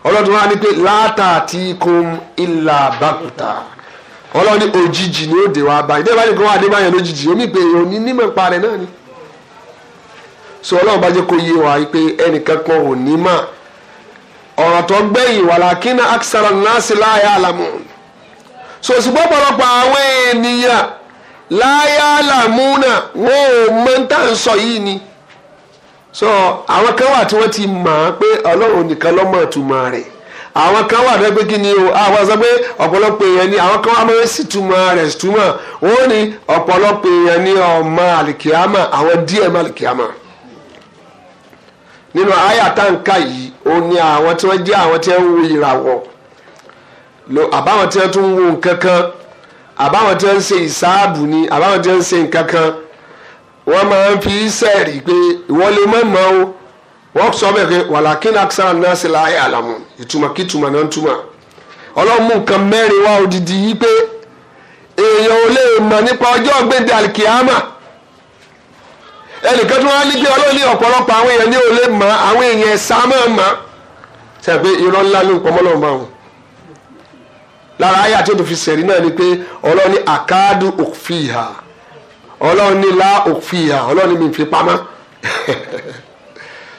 ọlọ́run wa ní pé látàtì kún bàkútà ọlọ́run ní òjijì ni ó dé wá báyìí dé báyìí kan wà dé báyìí lójijì omi pé èèyàn ní nímọ̀ ipa rẹ̀ náà ni. so ọlọ́run bá jẹ́ kó yé wa pé ẹnìkan kan ò ní mà ọ̀rọ̀ tó gbẹ̀yìn wà lákínà aksara nasi láyà àlàmù so ṣùgbọ́n ọ̀pọ̀lọpọ̀ àwọn ènìyàn láyà àlàmù náà wọn ò mọ tá ń sọ yìí ni so àwọn kan wà tí wọ́n ti mọ̀ ọ́n pé ọlọ́run nìkan ló ìtumọ̀ rẹ̀ àwọn kan wà ni o àwọn sọ pé ọ̀pọ̀lọpọ̀ èèyàn ni àwọn kan wà máa sì túmọ̀ rẹ̀ túmọ̀ ó ní ọ̀pọ̀lọpọ̀ èèyàn ni ọmọ àlìkìyàmà àwọn díẹ̀ mọ àlìkìyàmà nínú àyà táǹkà yìí ó ní àwọn tí wọ́n jẹ́ àwọn tí wọ́n ń wo ìràwọ̀ àbáwọn tí wọ́n tún ń wo àbáwọn tí ni àbáwọn fi sẹ́ẹ̀rì pé mọ́ mọ́ wọ́n sọ bẹ́ẹ̀ pé wàlàkínà sáà náà ṣe láàyè àlàmù ìtumọ̀ kí ìtumọ̀ náà ń túmọ̀ ọlọ́mú nǹkan mẹ́rin wá odidi yìí pé èèyàn ò lè mọ̀ nípa ọjọ́ gbèdé alikiyama ẹnìkan tó wá ní pé ọlọ́ọ̀ni ọ̀pọ̀lọpọ̀ àwọn èèyàn ní ò lè mọ̀ àwọn èèyàn ẹ̀sà máa mọ̀ sẹ́pẹ́ irọ́ ńlá ló ń pọ̀ mọ́lọ́run bá wọn lára ayé àti òtòfin sẹ̀rí náà ni pé ọlọ́ọ̀ni àkáàdù òfìhà ọlọ́ọ̀ni lá òfìhà ọlọ́ọ̀ni mi fi pamọ́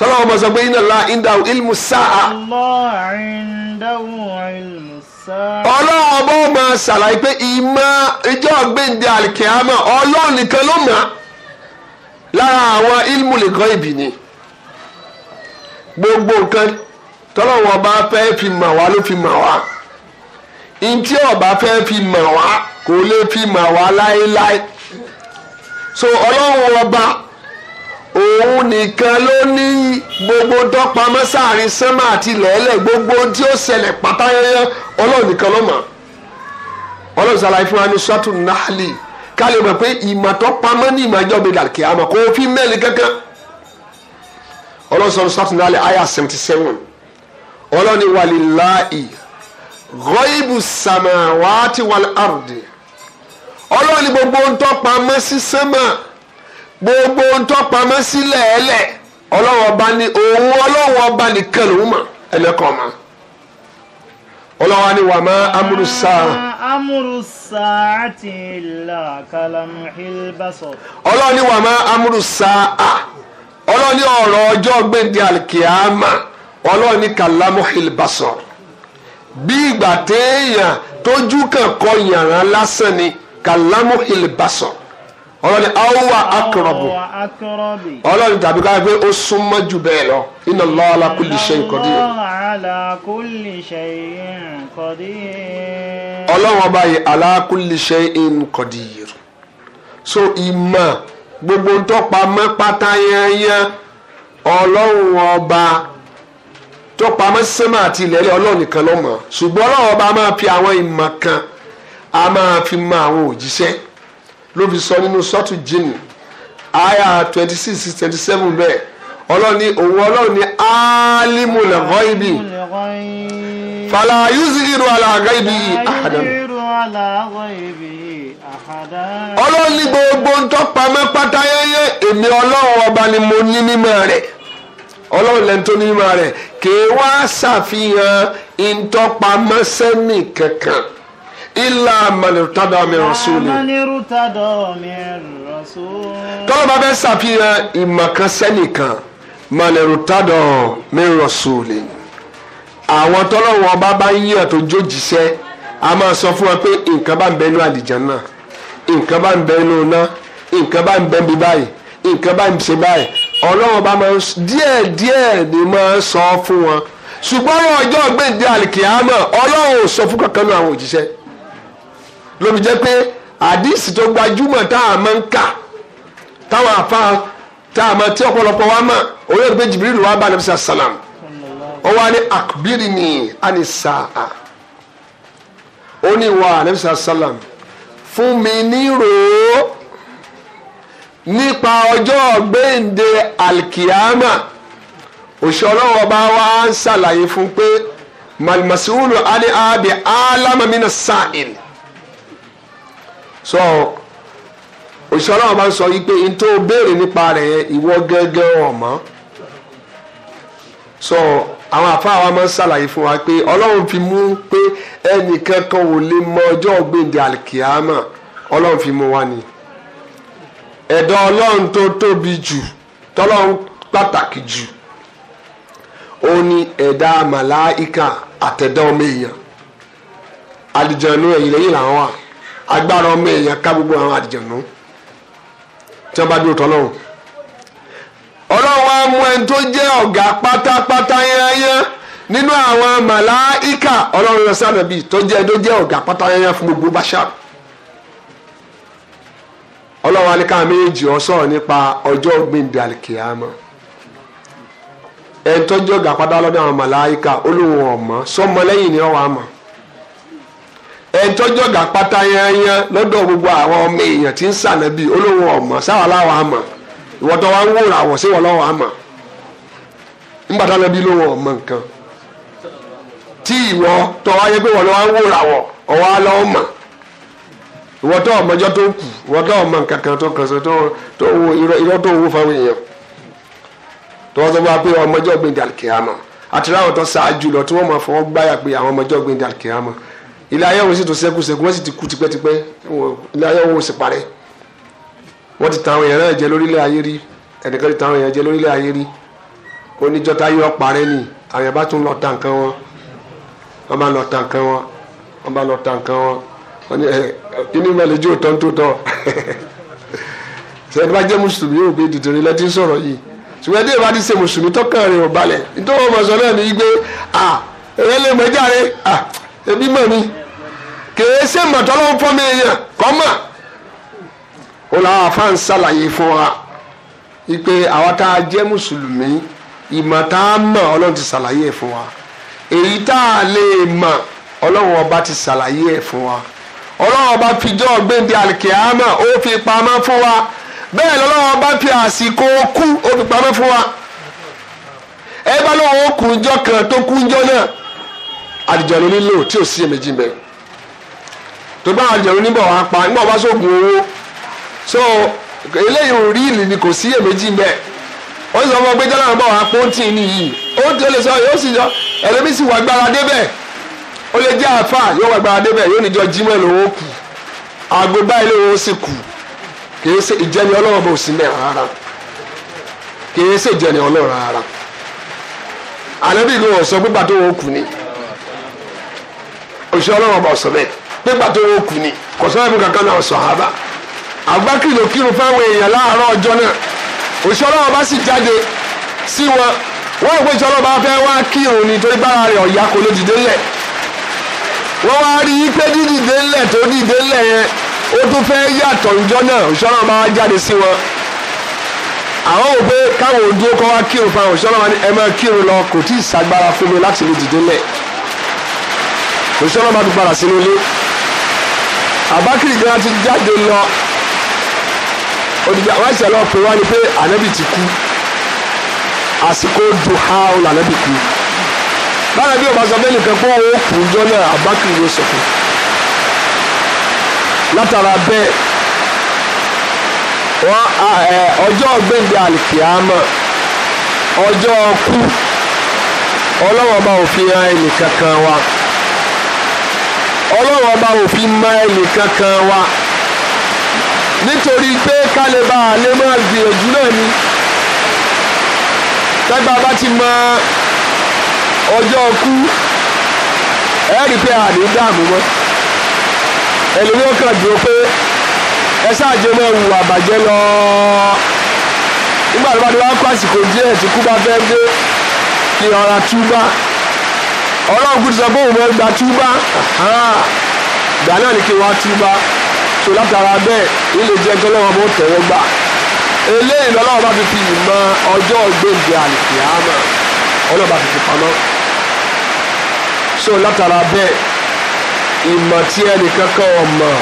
tọ́lá ọmọ sọ pé iná la inda ilmu sáà. ọlọ́run ọba ọmọ ṣàlàyé pé ìmọ̀ ìjọ gbẹ̀ǹde àlìkìámọ̀ ọlọ́run nìkan ló mọ̀ lára àwọn ilmu lẹ́kọ́ ìbí ni gbogbo nǹkan tọ́lá ọba fẹ́ fi mọ̀ wá ló fi mọ̀ wá ntí ọba fẹ́ fi mọ̀ wá kò lè fi mọ̀ wá láéláé so ọlọ́run ọba òun nìkan ló ní gbogbo dọ́pamọ́ sáàrin sánmà àti lọ́ọ̀lẹ̀ gbogbo tí ó ṣẹlẹ̀ pátáyẹ́yẹ́ ọlọ́run nìkan ló mọ̀ ọlọ́run ṣàlàyé fún wa ní sọ́tún náàlì ká lè mọ̀ pé ìmọ̀ tó pamọ́ ní ìmọ̀ ẹjọ́ mi dàkẹ́ àmọ́ kò fi mẹ́rin kankan ọlọ́run sọ́tún sọ́tún náàlì àyà seventy seven ọlọ́run wàlíláì gọ́ìbù sàmà wàá ti wàlí àrùdì ọlọ́run gbogbo ń tọ́pamọ́ sí sánmà. Si gbogbo ohun tó pamọ́ sílẹ̀ ẹlẹ̀ ọlọ́wọ́ ọba ní òun ọlọ́wọ́ ọba nìkan lòún mọ̀ ẹlẹ́kọ̀ọ́ mọ́ ọlọ́wọ́ ni wà má amúrú sáà. amúrú sáà ti là kàlámù hilbasọ. ọlọ́wọ́ ni wà má amúrú sáà ọlọ́wọ́ ni ọ̀rọ̀ ọjọ́ gbèǹde alikiyama ọlọ́wọ́ ni kàlámù hilbasọ. bí ìgbà téèyàn tójú kan kọ yàrá lásán ni kàlámù hilbasọ ọlọ́ni awúwà akọrọ̀bù ọlọ́ni tàbí ká gbé ó súnmọ́ jù bẹ́ẹ̀ lọ inna Allaha ala kulli shay'in qadir. ọlọ́run ọba yìí ala kulli shay'in qadir. so ìmọ̀ gbogbo ń tọ́pa mọ́ pátá yẹnyẹn ọlọ́run ọba tó pamọ́ sẹ́mà àti ilẹ̀ ilẹ̀ ọlọ́run nìkan ló mọ̀ ṣùgbọ́n ọlọ́run ọba máa fi àwọn ìmọ̀ kan a máa fi mọ àwọn òjíṣẹ́ ló fi sọ nínú sọ́tù jìnnì aya twenty six twenty seven bẹ́ẹ̀ ọlọ́run ní òun ọlọ́run ní alimul ghaibi fala yuziru ala ghaibi ahadan ọlọ́run ní gbogbo ń tọ́pa mẹ́pátá yẹ́yẹ́ èmi ọlọ́run ọba ni mo ní mímọ́ rẹ̀ ọlọ́run lẹ́ni tó ní mímọ́ rẹ̀ kì í wá ṣàfihàn ìtọ́pamọ́sẹ́nì kankan ilà mọ̀lẹ́rùtàdọ̀ mi rọ̀sùn ni. tọ́lá bá fẹ́ ṣàfihàn mi rọ̀sùn ni. àwọn tọ́lá wọn bá bá yíyàn tó jójìṣẹ́ a máa sọ fún wọn pé nǹkan bá ń bẹ inú àlìjánnà nǹkan bá ń bẹ inú iná nǹkan bá ń bẹ bí báyìí nǹkan bá ń ṣe báyìí ọlọ́run bá máa díẹ̀ díẹ̀ ni máa sọ fún wọn ṣùgbọ́n ọjọ́ gbèǹde àlìkìyámà ọlọ́run ò sọ fún kankan náà àwọn òjíṣẹ́ ló fi jẹ́ pé àdìsí tó gbajúmọ̀ tá a máa ń kà táwọn àfa tá a máa tí ọ̀pọ̀lọpọ̀ wa mọ̀ òun yóò gbé Jibril wá bá nàbísà sàlám ó wá ní akbiri ni àní sàá ó ní wà nàbísà sàlám fún mi ní nípa ọjọ́ gbéǹde alkiyama òṣèlọ́wọ́ ọba wa ń ṣàlàyé fún pé malmasulu ali abi alamamina sa'il. so òṣìṣẹ́ ọlọ́run bá ń sọ yìí pé n tó béèrè nípa rẹ̀ yẹn ìwọ gẹ́gẹ́ ọ̀mọ́ so àwọn àfa wa máa ń ṣàlàyé fún wa pé ọlọ́run fi mú pé ẹnì kan ò lè mọ ọjọ́ gbèǹde àlìkìámà ọlọ́run fi mú wa ni ẹ̀dọ́ ọlọ́run tó tóbi jù tọ́lọ́run pàtàkì jù ó ní ẹ̀dá màláìka àtẹ̀dá ọmọ èèyàn àlìjànú ẹ̀yìn lẹ́yìn làwọn wà. agbára ọmọ èèyàn ká gbogbo àwọn àdìjẹ̀nú tí wọ́n bá dúró tọ́lọ́run ọlọ́run wa mú ẹni tó jẹ́ ọ̀gá pátápátá yányán nínú àwọn màláìkà ọlọ́run lọ sí ànábì tó jẹ́ ẹni tó jẹ́ ọ̀gá pátá yányán fún gbogbo bashar ọlọ́run alẹ́ káà méjì ọ sọ̀rọ̀ nípa ọjọ́ gbìndé àlìkìyàmọ́ ẹni tó jẹ́ ọ̀gá pátá lọ́dọ̀ àwọn màláìkà olóhùn ọ̀mọ́ sọmọlẹ́yìn ni ọ wà á mọ̀ ẹjọ́jọ́ gà pátá yányán ya gbogbo àwọn ọmọ èèyàn tí ń sànẹ́bí olówó ọ̀mọ̀ sáwọn aláwọ̀ àmọ̀ ìwọ́tọ̀ wa ń wòrà àwọ̀ síwọ̀ lọ́wọ́ àmọ̀ nígbà tá lẹ́bí lówó ọ̀mọ̀ nǹkan tí ìwọ tọ́ wáyé pé wọ́n wa ń ọmọ nkankan tó kàn sí tó wo irọ́ tó wo fáwọn èèyàn tó sọ fún wa pé ọmọjọ́ gbẹ̀dẹ̀ àlùkìyàmọ̀ tó ṣáájú lọ tí wọ́n máa fọwọ́ gbáyà pé àwọn ilé ayé òun sì tún ṣẹ́kù ṣẹ́kù wọ́n sì ti kú tipẹ́tipẹ́ ilé ayé òun sì parẹ́ wọ́n ti tàn àwọn èèyàn náà jẹ lórílẹ̀ ayé rí ẹnìkan ti tàn àwọn èèyàn jẹ lórílẹ̀ ayé rí oníjọta yọ parẹ́ ni àwọn èèyàn bá tún lọ ta nǹkan wọn wọ́n bá lọ ta nǹkan wọn wọ́n bá lọ ta nǹkan wọn wọ́n ní ẹ inú mẹ́lẹ̀ jó tán tó tọ́ sẹ́ni bá jẹ́ mùsùlùmí yóò gbé dìtìrín lẹ́tí sọ̀rọ̀ yìí ṣùgbọ́n ẹdí ìbádìí ṣe mùsùlùmí tọ́kàn rẹ̀ ò balẹ̀ nítorí wọn mọ̀ sọ náà gbé à ẹ̀rẹ́ lè mọ̀ ẹja rẹ̀ à ẹbí mọ̀ mi kèé ṣe mọ̀tọ́lọ́ fọ́mi èèyàn kọ́mọ̀ ó làwọn afáàn ṣàlàyé fún wa wípé àwa tá a jẹ́ mùsùlùmí ìmọ̀ tá a mọ̀ ọlọ́run ti ṣàlàyé ẹ̀ fún wa èyí tá a lè mọ̀ ọlọ́run ọba ti ṣàlàyé ẹ̀ fún wa ọlọ́run ọba fijọ́ gbẹ̀ndẹ̀ alikiyama ó fi pamọ́ fún wa bẹ́ẹ̀ lọ́lọ́run ọba fi àsìkò kú ó fi pamọ́ fún wa ẹ bá lọ́wọ́ ó kan tó kú ń náà àdìjọ́ ló nílò tí ò sí èméjì bẹ́ẹ̀ tó bá àwọn jẹ̀rú wá pa nígbà wá sóògùn owó so eléyìí ò rí ìlì ni kò sí èméjì ń ó sì sọ fún ọ pé jọ́lá níbọ̀ wá pọ́ńtì nìyí ó ti lè sọ yóò sì yọ ẹlẹ́mí sì wà gbára débẹ̀ ó lè jẹ́ àáfà yóò wà gbára débẹ̀ yóò níjọ jímọ̀ lówó kù àgbo báyìí lówó sì kù kì í ṣe ìjẹni ọlọ́run bò sí mẹ́rin rárá kì í ṣe ìjẹni ọlọ́run rárá àlẹ́bí ìlú ọ̀sán gbígbà tó wọ́n kù ni òṣìṣẹ́ ọlọ́run bò sọ bẹ́ẹ̀ nígbà tó wọ́n kù ni kò sọ́nà bí kankan náà sàhábà Abubakar ló kírun fáwọn èèyàn láàárọ̀ ọjọ́ náà òṣìṣẹ́ ọlọ́wọ́ bá sì jáde sí wọn wọ́n rò pé ìṣẹ́ ọlọ́wọ́ bá fẹ́ wá kírun ni torí bára rẹ̀ ọ̀yà kò ló dìde lẹ̀ wọ́n wá rí i pé dídìde lẹ̀ tó dìde lẹ̀ yẹn ó tún fẹ́ yàtọ̀ ìjọ́ náà òṣìṣẹ́ ọlọ́wọ́ bá wá jáde sí wọn àwọn wò pé káwọn ò òṣìṣẹ́ ọlọ́wọ́ bá tún padà sínú ilé abakiri gan ti jáde lọ odigba wọn ṣe lọ pé wọn ni pé anabi ti kú àsìkò duha ọlọ ku. kú báyọ̀ bí ọba sọ́dẹ́ nìkan pé òun kù jọ náà abakiri ló sọ fún látara bẹ́ẹ̀ wọn ọjọ́ gbẹ̀ndẹ̀ alikiyama ọjọ́ kú ọlọ́wọ́ bá òfin ra ẹnì kankan wa ọlọ́run ọba ò fi mọ ẹnì kankan wa nítorí pé kálíbà lè máa gbìyànjú náà ni tẹ́gbà bá ti mọ ọjọ́ kú ẹ rí i pé àdé dààmú mọ́ ẹlòmíràn kan dúró pé ẹ ṣáàjẹ máa wù àbàjẹ́ lọ nígbà tó bá dé wá kó àsìkò díẹ̀ tí kú bá fẹ́ dé kí ọ̀rá túbà ọlọ́run kúti sọ pé òun mọ̀ gba túbá gbà náà ni kí wọ́n á túbá so látara bẹ́ẹ̀ ilé jẹ́ gọ́lọ́wọ́ bó tẹ̀wọ́ gbà eléyìí lọ́lọ́wọ́ bá fi fi ìmọ̀ ọjọ́ gbèǹde àlìkìyàmà ọlọ́ba fi fi pamọ́ so látara bẹ́ẹ̀ ìmọ̀ tí ẹnìkankan ọ̀mọ̀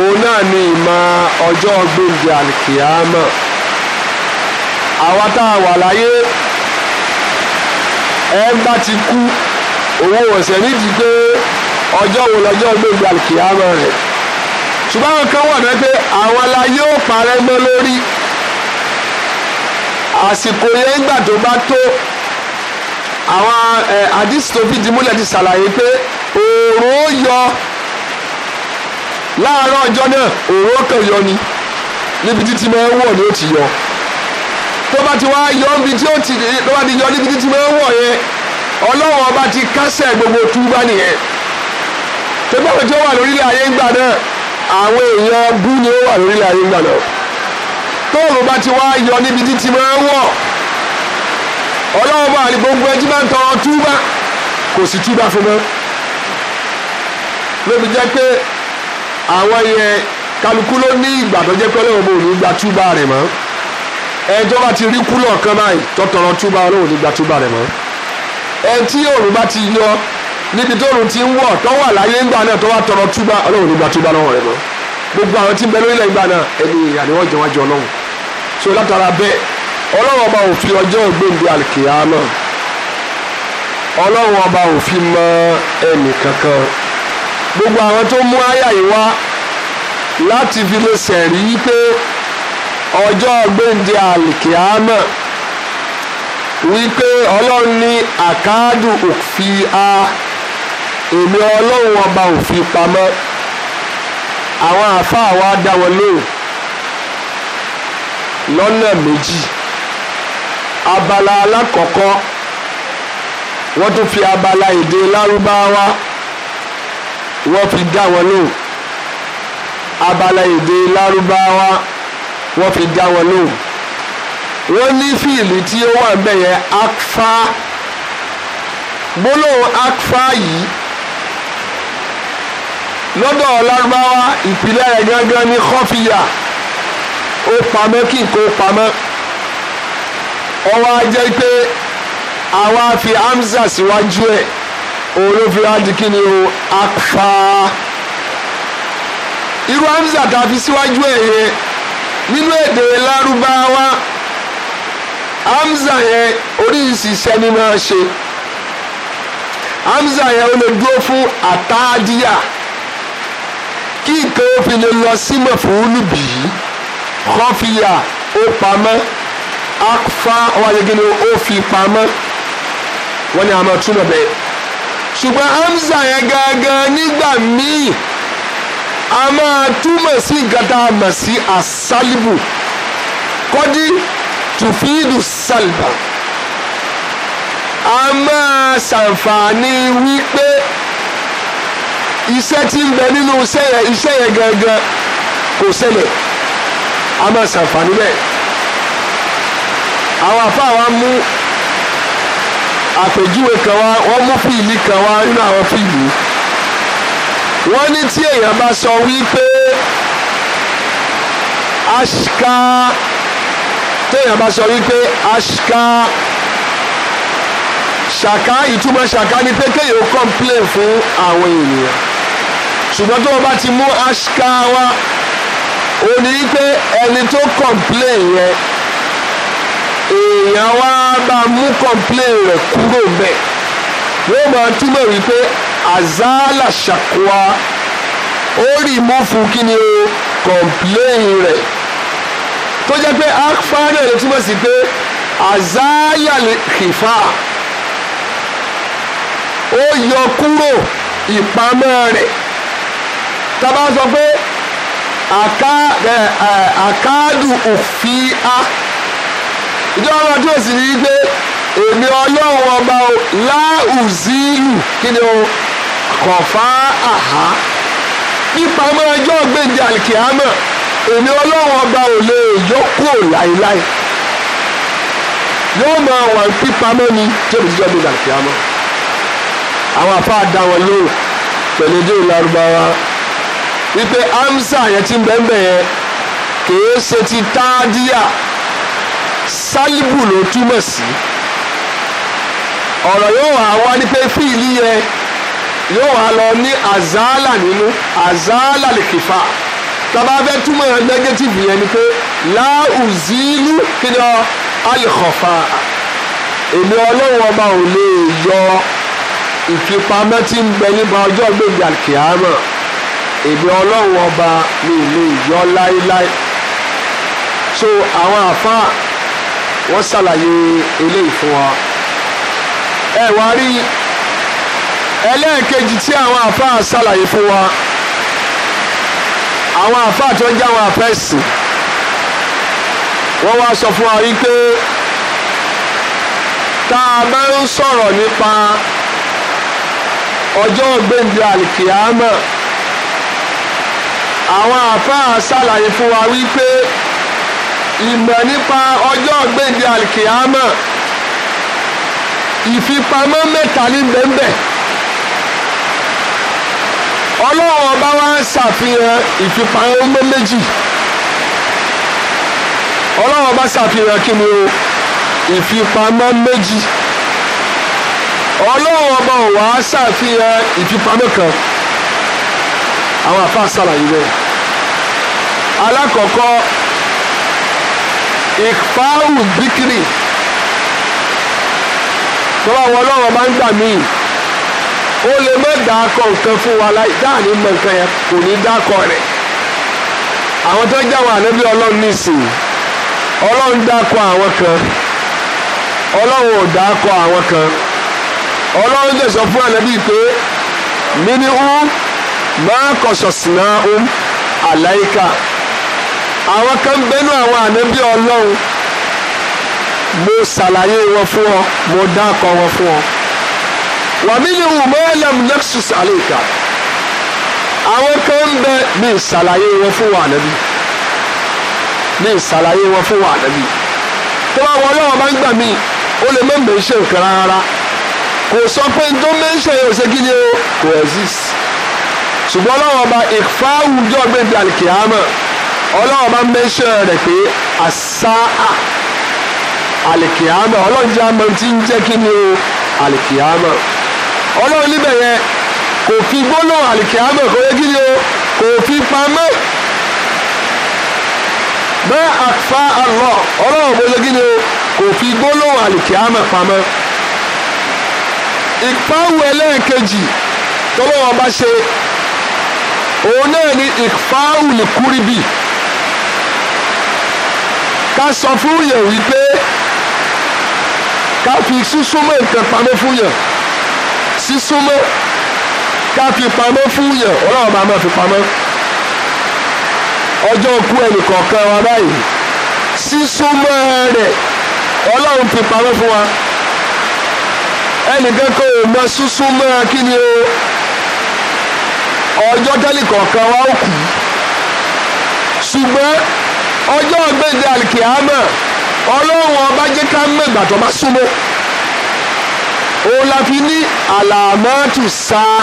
òun náà ni ìmọ̀ ọjọ́ gbèǹde àlìkìyàmà àwa tá a wà láyé ẹ bá ti kú òun ọ̀sẹ̀ nídìí pé ọjọ́ wo lọ́jọ́ gbogbo àlùkìyàmọ̀ rẹ̀ ṣùgbọ́n àwọn kan wà bẹ́ẹ̀ pé àwọn la yóò parẹ́ mọ́ lórí àsìkò yẹn gbà tó bá tó àwọn àdìsí tó fìdí múlẹ̀ ti ṣàlàyé pé òòrùn ó yọ láàárọ̀ ọjọ́ náà òòrùn ó yọ ni níbi títí máa ń wọ̀ ni ó ti yọ tó bá ti wá yọ níbi tí ó ti tó bá ti yọ níbi tí wọ́n wọ̀ yẹn ọlọ́run ọba ti kásẹ̀ gbogbo túbá nìyẹn tó bá wọn tí ó wà lórílẹ̀ ayé ńgbà náà àwọn èèyàn bú ni ó wà lórílẹ̀ ayé ńgbà náà tóòrùn bá ti wá yọ níbi tí máa ń wọ̀ ọlọ́run bá àlè ẹjí máa ń tọrọ túbá kò sí túbá fún mọ́ lóbi jẹ́ pé àwọn yẹn kálukú ló ní ìgbà tó jẹ́ pé ọlọ́run ẹjọ́ bá ti rí kúlọ̀ kan báyìí tọ́tọ̀rọ̀ túbà ọlọ́run nígbà túbà rẹ̀ mọ́ ẹ tí òòrùn bá ti yọ níbi tóòrùn ti ń wọ̀ tó wà láyé ńgbà náà tó wà tọrọ túbà ọlọ́run nígbà túbà lọ́wọ́ rẹ̀ mọ́ gbogbo àwọn tí ń bẹ lórílẹ̀ ńgbà náà ẹni àníwọ̀n jẹ́ wájú ọlọ́run so látara bẹ́ẹ̀ ọlọ́run ọba ò fi ọjọ́ ògbéǹde àlìkìyámà ọlọ́run ọba ò fi mọ ẹnì kankan gbogbo àwọn tó mú àyà yìí wá láti fi lè sẹ̀rí pé ọjọ́ gbèǹde àlìkìámà wípé ọlọ́run ní àkáàdù òfin a èmi ọlọ́run ọba òfin pamọ́ àwọn àáfàá wa dá wọn lóhùn lọ́nà méjì abala alákọ̀ọ́kọ́ wọ́n tún fi abala èdè lárúbáwá wọ́n fi dá wọn lóhùn abala èdè lárúbáwá. wọ́n fi dá wọn lóhùn wọ́n ní fíìlì tí ó wà ńbẹ̀ yẹn akfa gbólóhùn akfa yìí lọ́dọ̀ ọ̀lárúbáwá ìpìlẹ̀ rẹ̀ gángan ní kọ́fìyà ó pamọ́ kí nǹkan ó pamọ́ ọwọ́ ajẹ́ pé àwa fi hamza síwájú ẹ̀ òun ló fi wá di kíni o akfa irú hamza tá a fi síwájú ẹ̀ yẹn nínú èdè lárúbáwá hamza yẹn oríṣi iṣẹ́ ni máa ṣe hamza yẹn ó lè dúró fún àtàdíyà kí nǹkan ó fi lè lọ símọ̀ fún olùbí kọfíà ó pamọ́ akfa wàlégínú ó fi pamọ́ wọ́n ní àmọ́ túnbọ̀ bẹ́ẹ̀ ṣùgbọ́n hamza yẹn gangan nígbà míì a máa túmọ̀ sí nǹkan tá a mọ̀ sí asálíbù kọ́dí tùfíìdù sálíbà a máa ṣàǹfààní wípé iṣẹ́ tí ń bẹ nínú iṣẹ́ yẹn iṣẹ́ yẹn gangan kò ṣẹlẹ̀ a máa ṣàǹfààní bẹ́ẹ̀ àwọn àfa wa mú àpèjúwe kan wá wọ́n mú fíìlì kan wá nínú àwọn fíìlì yìí wọ́n ní tí èèyàn bá sọ wípé aṣka téèyàn bá sọ wípé aṣka ṣàká ìtumọ̀ ṣàká ni pé kéèyàn ó complain fún àwọn ènìyàn ṣùgbọ́n tó o bá ti mú aṣka wá o ní pé ẹni tó complain yẹn èèyàn wá bá mú complain rẹ̀ kúrò bẹ́ẹ̀ yóò máa túmọ̀ wípé azala shakwa, ó rí mú fún kí ni o kọ̀ǹpléyìn rẹ̀ tó jẹ́ pé akfáàrì rẹ̀ túmọ̀ sí pé azala kìfà ó yọ kúrò ìpamọ́ rẹ̀ tá sọ pé àkáàdù òfin á ìjọba ọmọ sì ní í èmi ọlọ́run ọba o láùzílù kí ni o kọ̀fá àhá pípamọ́ ọjọ́ gbèdé àlìkìámọ̀ èmi ọlọ́run ọba ò lè yọkúò láéláé yóò máa wà ní pípamọ́ ni tẹ́lẹ̀ jíjọ́ gbèdé àlìkìámọ̀ àwọn afá dá wọn lóhùn pẹ̀lú ojú ìlarúbáwá wípé amsa yẹn ti bẹ́ẹ̀ yẹn kìí ṣe ti táàdíyà sálíbù ló túmọ̀ sí ọ̀rọ̀ yóò wá wá ní pé fíìlì yẹn yóò wá lọ ní azala nínú azala lè kìfà tàbá fẹ́ túmọ̀ nẹ́gẹ́tìfì yẹn ni pé láùzílù kí ni ọ alìkọ̀fà èmi ọlọ́wọ́ ọba ò lè yọ ìfipamọ́ tí ń bẹ nípa ọjọ́ gbèbí àkìámọ̀ èmi ọlọ́wọ́ ọba mi ò lè yọ láéláé so àwọn àfáà wọ́n ṣàlàyé eléyìí fún wa ẹ wá rí i ẹlẹ́ẹ̀kejì tí àwọn àfáà ṣàlàyé fún wa àwọn àfáà tó ń jẹ́ àwọn àfẹ́sì wọ́n wá sọ fún wa wípé tá a máa ń sọ̀rọ̀ nípa ọjọ́ gbèǹde àlìkìyámà àwọn àfáà ṣàlàyé fún wa wípé ìmọ̀ nípa ọjọ́ gbèǹde àlìkìyámà ìfipamọ́ mẹ́ta ní bẹ́ẹ̀ bẹ́ẹ̀ ọlọ́run ọba wa ń ṣàfihàn ìfipáyọ́gbé méjì ọlọ́run ọba ṣàfihàn kí ni o ìfipamọ́ méjì ọlọ́run ọba ò wá ṣàfihàn ìfipamọ́ kan àwọn àfa ṣàlàyé rẹ̀ alákọ̀ọ́kọ́ ìfáwù bíkìrì tó bá wọ ọlọ́run ọba ń gbà míì. o lè má dákọ̀ nǹkan fún wa láì dáàní mọ nǹkan yẹn kò ní dákọ̀ rẹ̀ àwọn tó ń jẹ́ àwọn ànábì ọlọ́run nísìnyí ọlọ́run àwọn kan ọlọ́run ò dákọ̀ àwọn kan ọlọ́run lè sọ fún ànábì pé mímí ú máa sínú um àláìka àwọn kan àwọn mo ṣàlàyé wọn fún ọ mo wàmínú mọ́lẹ́m nexus àlèkà àwọn kan ń bẹ ní ìsàlàyé wọn fún wa nàbí ní ìsàlàyé wọn fún wa nàbí tó bá wọn lọ́wọ́ bá ń gbà mí ó lè má mẹ́ṣẹ̀ nǹkan rárá kò sọ pé tó mẹ́ṣẹ̀ yóò ṣe kí o kò exist ṣùgbọ́n lọ́wọ́ bá ìfáwù jọ́ gbẹ̀gbẹ̀ àlìkìyàmà ọlọ́wọ́ bá mẹ́ṣẹ̀ rẹ̀ pé àṣà àlìkìyàmà ọlọ́jà máa ti ń jẹ́ kí ni o àlìkìyàmà ọlọ́run níbẹ̀ yẹn kò fi gbólóhùn àlìkìámọ̀ kò yẹ kí ni o kò fi pamọ́ bẹ́ẹ̀ àfa àlọ́ ọlọ́run kò yẹ kí ni o kò fi gbólóhùn àlìkìámọ̀ pamọ́ ìpáwò ẹlẹ́ẹ̀kejì tọ́lọ́wọ́ bá ṣe òun náà ni ìpáwò lìkúrìbì ká sọ fún yẹn wípé ká fi súnsúnmọ́ nǹkan pamọ́ fún yẹn sísúnmọ́ ká fi pamọ́ fún yàn ọlọ́run máa máa fi pamọ́ ọjọ́ kú ẹnìkọ̀ọ̀kan wa báyìí sísúnmọ́ rẹ̀ ọlọ́run fi pamọ́ fún wa ẹnìkan kò mọ sísúnmọ́ kí ni o ọjọ́ tẹ́lẹ̀kọ̀ọ̀kan wa ó kù ṣùgbọ́n ọjọ́ ọgbẹ́ndẹ́ àlìkìámà ọlọ́run ọba jẹ́ ká mẹ́gbàtọ́ bá súnmọ́ òun la fi ní àlàmọ́tù sáà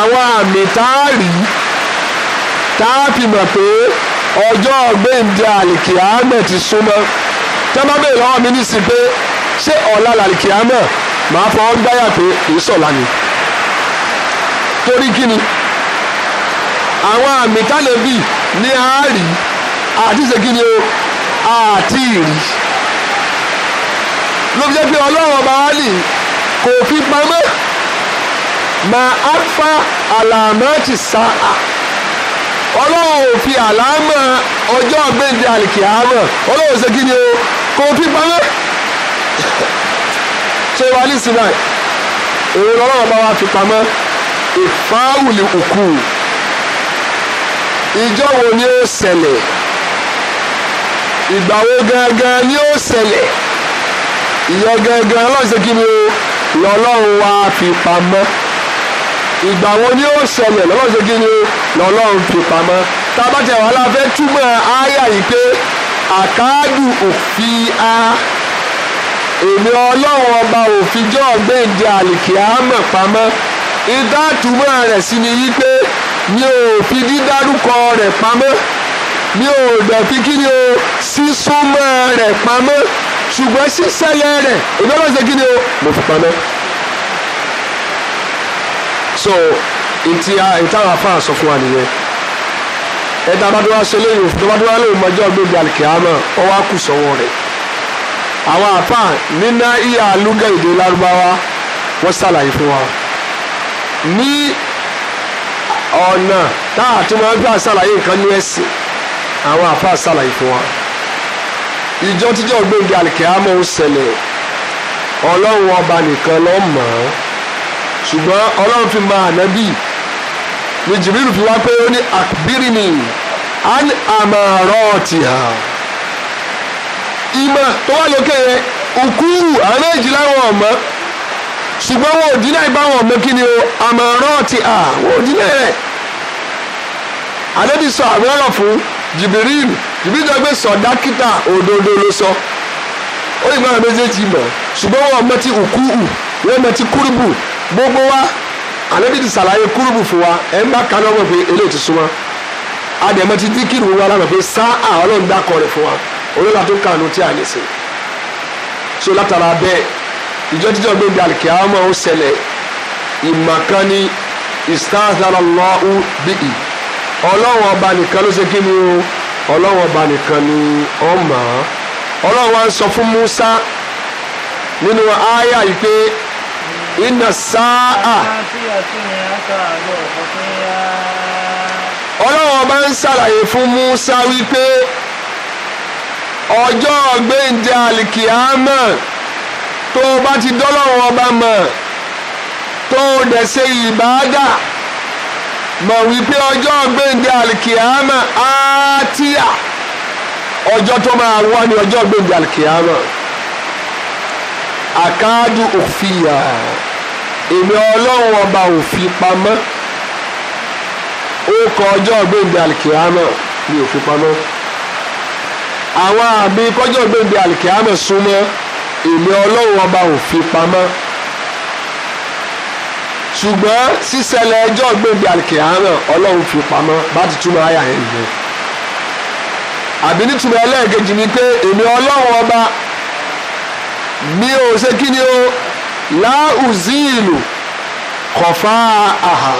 àwọn àmì tá a rí tá a fi mọ̀ pé ọjọ́ gbẹ̀ǹdẹ̀ àlìkìámẹ̀ ti súnmọ́ tẹ́ bá bèèrè lọ́wọ́ mi nísìn pé ṣé ọ̀la làlìkìámẹ̀ màá fọ́ gbáyà pé kì í sọ̀la ni torí kí ni àwọn àmì tálẹ́bì ní a rí àti ṣe ni o àti ìrí ló fi jẹ́ pé ọlọ́run ọba ali kò fi pamọ́ mà áfà àlàmọ́tì sáà ọlọ́run ò fi àlámọ́ ọjọ́ gbèǹde àlìkìámọ̀ ọlọ́run ṣe kí ni o kò fi pamọ́ ṣé wàá ní sinai èrò ọlọ́run ọba wa fi pamọ́ ìfáwùlì òkú ìjọ wo ni ó ṣẹlẹ̀ ìgbà gangan ni ó ṣẹlẹ̀ ìyẹn gẹ́gẹ́ ọlọ́run ṣe kí ni o lọ́lọ́run wá fi pamọ́ ìgbà wo ni ó ṣẹlẹ̀ lọ́lọ́run ṣe kí ni o lọ́lọ́run fi pamọ́ tá a bá tẹ̀ wá la fẹ́ túmọ̀ áyà yìí pé àkáàdù òfin a èmi ọlọ́run ọba òfijọ́ gbèǹde àlìkìámọ̀ pamọ́ ìdátúmọ̀ rẹ̀ sí ni wípé mi ò fi dídárúkọ rẹ̀ pamọ́ mi ò dẹ̀ fi kí ni o sísúnmọ́ rẹ̀ pamọ́ ṣùgbọ́n ṣíṣẹlẹ̀ rẹ̀ ìbẹ́rẹ̀ ṣe kí ni o mo fi pamẹ́. so ntí ìtara afáà sọ fún wa nìyẹn ẹ̀dá abádúrà ṣe léyìn òfin abádúrà lè mọ ọjọ́ gbogbo alikiyama ọwọ́ kù sọ́wọ́ rẹ̀ àwọn afáà nínà ìyá alúgẹ èdè lárúbáwá wọ́n ṣàlàyé fún wa ní ọ̀nà táà tó máa ń gbà ṣàlàyé nǹkan ní ẹ̀sìn àwọn afáà ṣàlàyé fún wa ìjọ tíjọ́ gbòǹde àlìkèámọ̀ ń ṣẹlẹ̀ ọlọ́run ọba nìkan ló mọ̀ ọ́ ṣùgbọ́n ọlọ́run fi máa ànábì ni jìbìrì fi wá pé ó ní àkbírí ni an àmàrọ̀ ti hà ìmọ̀ tó wà lókè yẹn òkúrù àwọn méjì láwọn ọ̀mọ́ ṣùgbọ́n wọn ò dínà ìbáwọn ọ̀mọ́ kí ni o àmàrọ̀ ti hà wọn ò dínà rẹ̀ àdébísọ̀ àbúrò fún jìbìrì ìbí tó gbé sọ̀dákítà òdodo ló sọ ó lè gbọ́dọ̀ méjèèjì mọ̀ ṣùgbọ́n wọn mọ ti ùkúù wọn mọ kúrúbù gbogbo wa àlébi ti sàlàyé kúrúbù fún wa ẹ̀ ń bá kaná wọn pé eléyìí ti súnmọ́ adẹ̀mọ́ ti díkìrì wọn lánàá pé sáà ọlọ́run dákọ̀ rẹ̀ fún wa olóòlà tó kànú tí a lè sè so látara bẹ́ẹ̀ ìjọ títí ọgbẹ́ ìgbà àwọn ọmọ òun ṣẹlẹ̀ ìmọ̀kánni ìsáàzàlọ́ọ̀hún bíi ọlọ́run ọba nìkan ló ṣe kí ni o ọlọ́run ọba nìkan ni ọ mọ̀ ọ́ ọlọ́run wa ń sọ fún Musa nínú àyà yìí pé iná sáà ọlọ́run ọba ń ṣàlàyé fún Musa wípé ọjọ́ gbẹ̀ǹdẹ̀ àlìkìámà tó o bá ti dọ́lọ́run ọba mọ̀ tó o dẹ̀ ṣe ìbáadà mọ̀ wípé ọjọ́ gbèǹde alikiyama àtìyà ọjọ́ tó máa wá ní ọjọ́ gbèǹde alikiyama àkáàdù òfìyà èmi ọlọ́run ọba òfin pamọ́ ó kọ ọjọ́ gbèǹde alikiyama ní òfin pamọ́ àwọn àmì kọjọ́ gbèǹde alikiyama súnmọ́ èmi ọlọ́run ọba òfin pamọ́ ṣùgbọ́n sísẹlẹ̀ ẹjọ́ gbèǹde àlìkèyàmẹ ọlọ́run fi pamọ́ bá ti túmọ̀ àyà yẹn nìyẹn àbí nítumọ̀ ẹlẹ́ẹ̀kejì ni pé èmi ọlọ́run ọba mi ò ṣe kí ni o láùzíìlù kọ̀fà àhà